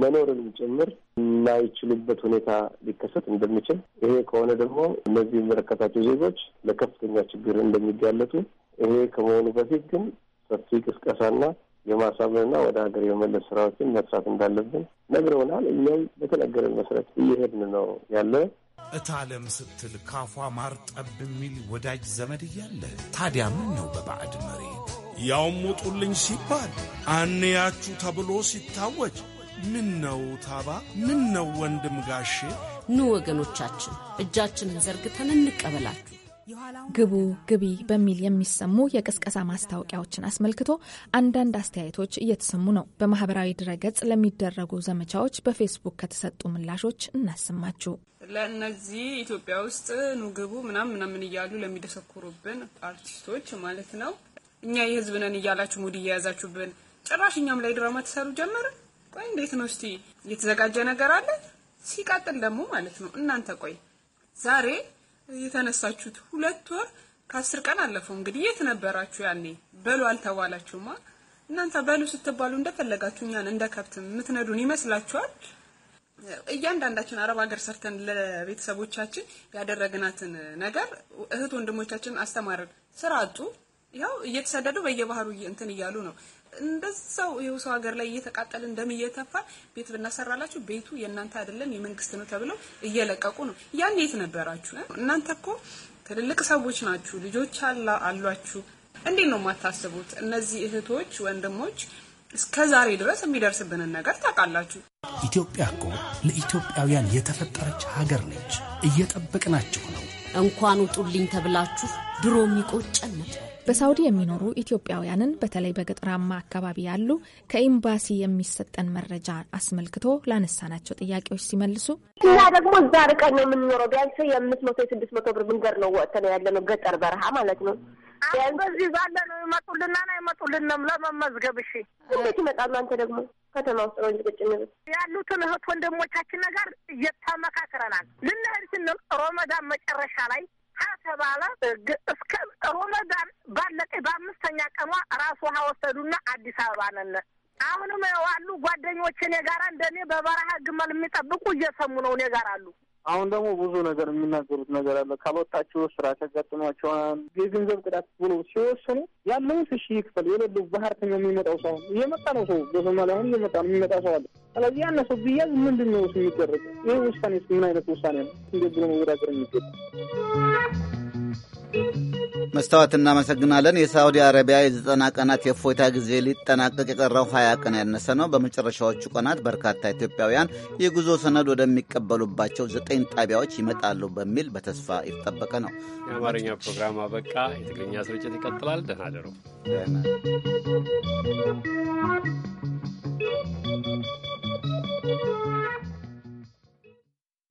መኖርን ጭምር የማይችሉበት ሁኔታ ሊከሰት እንደሚችል፣ ይሄ ከሆነ ደግሞ እነዚህ የሚመለከታቸው ዜጎች ለከፍተኛ ችግር እንደሚጋለጡ ይሄ ከመሆኑ በፊት ግን ሰፊ ቅስቀሳና የማሳመንና ወደ ሀገር የመለስ ስራዎችን መስራት እንዳለብን ነግረውናል። እኛም በተነገረን መሰረት እየሄድን ነው ያለ እታ አለም ስትል ካፏ ማር ጠብ የሚል ወዳጅ ዘመድ እያለ ታዲያ ምን ነው በባዕድ መሬት ያውም ውጡልኝ ሲባል አንያችሁ ተብሎ ሲታወጅ ምን ነው ታባ ምን ነው ወንድም ጋሼ ኑ ወገኖቻችን እጃችንን ዘርግተን እንቀበላችሁ ግቡ ግቢ በሚል የሚሰሙ የቅስቀሳ ማስታወቂያዎችን አስመልክቶ አንዳንድ አስተያየቶች እየተሰሙ ነው። በማህበራዊ ድረገጽ ለሚደረጉ ዘመቻዎች በፌስቡክ ከተሰጡ ምላሾች እናሰማችሁ። ለእነዚህ ኢትዮጵያ ውስጥ ኑ ግቡ ምናምን ምናምን እያሉ ለሚደሰኩሩብን አርቲስቶች ማለት ነው እኛ የህዝብ ነን እያላችሁ ሙድ እየያዛችሁብን ጭራሽ እኛም ላይ ድራማ ተሰሩ ጀመረ። ቆይ እንዴት ነው እስቲ የተዘጋጀ ነገር አለ? ሲቀጥል ደግሞ ማለት ነው እናንተ ቆይ ዛሬ የተነሳችሁት? ሁለት ወር ከአስር ቀን አለፈው። እንግዲህ የት ነበራችሁ ያኔ? በሉ አልተባላችሁማ። እናንተ በሉ ስትባሉ እንደፈለጋችሁ እኛን እንደ ከብት የምትነዱን ይመስላችኋል? እያንዳንዳችን አረብ ሀገር ሰርተን ለቤተሰቦቻችን ያደረግናትን ነገር እህት ወንድሞቻችን አስተማርን። ስራ አጡ። ያው እየተሰደዱ በየባህሩ እንትን እያሉ ነው። እንደዛው ይኸው ሰው ሀገር ላይ እየተቃጠለ እንደም እየተፋ ቤት ብናሰራላችሁ ቤቱ የእናንተ አይደለም የመንግስት ነው ተብለው እየለቀቁ ነው። ያን የት ነበራችሁ እናንተ? እኮ ትልልቅ ሰዎች ናችሁ፣ ልጆች አሏችሁ። እንዴት ነው የማታስቡት? እነዚህ እህቶች ወንድሞች እስከ ዛሬ ድረስ የሚደርስብንን ነገር ታውቃላችሁ። ኢትዮጵያ እኮ ለኢትዮጵያውያን የተፈጠረች ሀገር ነች። እየጠበቅናችሁ ነው። እንኳን ውጡልኝ ተብላችሁ ድሮ የሚቆጨን ነበር። በሳውዲ የሚኖሩ ኢትዮጵያውያንን በተለይ በገጠራማ አካባቢ ያሉ ከኤምባሲ የሚሰጠን መረጃ አስመልክቶ ላነሳናቸው ጥያቄዎች ሲመልሱ እኛ ደግሞ እዛ ርቀን ነው የምንኖረው። ቢያንስ የአምስት መቶ የስድስት መቶ ብር መንገድ ነው ወጥተን ያለ ነው ገጠር በረሃ ማለት ነው። በዚህ ባለ ነው ይመጡልና ና ይመጡልንም ለመመዝገብ። እሺ እንዴት ይመጣሉ? አንተ ደግሞ ከተማ ውስጥ ነው ቁጭ ያሉትን እህት ወንድሞቻችን ነገር እየተመካክረናል። ልንሄድ ስንል ሮመዳን መጨረሻ ላይ ከተባለ እስከ ሮመዳን ባለቀ በአምስተኛ ቀኗ ራሱ ውሃ ወሰዱና አዲስ አበባ ነን። አሁንም ዋሉ ጓደኞች እኔ ጋራ እንደኔ በበረሃ ግመል የሚጠብቁ እየሰሙ ነው። እኔ ጋር አሉ አሁን ደግሞ ብዙ ነገር የሚናገሩት ነገር አለ። ካልወጣችሁ ስራ ተጋጥሟቸዋል። የገንዘብ ቅጣት ብሎ ሲወስኑ ያለውን ስሺ ይክፈል። የሌለው ባህርተኛ የሚመጣው ሰው እየመጣ ነው። ሰው በሶማሊያ አሁን እየመጣ ነው፣ የሚመጣ ሰው አለ። ስለዚህ ያነ ሰው ብያዝ ምንድን ነው የሚደረግ? ይህ ውሳኔ ምን አይነት ውሳኔ ነው? እንዴት ብሎ መወዳደር የሚገባ መስታወት እናመሰግናለን። የሳዑዲ አረቢያ የዘጠና ቀናት የእፎይታ ጊዜ ሊጠናቀቅ የቀረው ሀያ ቀን ያነሰ ነው። በመጨረሻዎቹ ቀናት በርካታ ኢትዮጵያውያን የጉዞ ሰነድ ወደሚቀበሉባቸው ዘጠኝ ጣቢያዎች ይመጣሉ በሚል በተስፋ የተጠበቀ ነው። የአማርኛ ፕሮግራም አበቃ። የትግርኛ ስርጭት ይቀጥላል። ደህና ደሩ።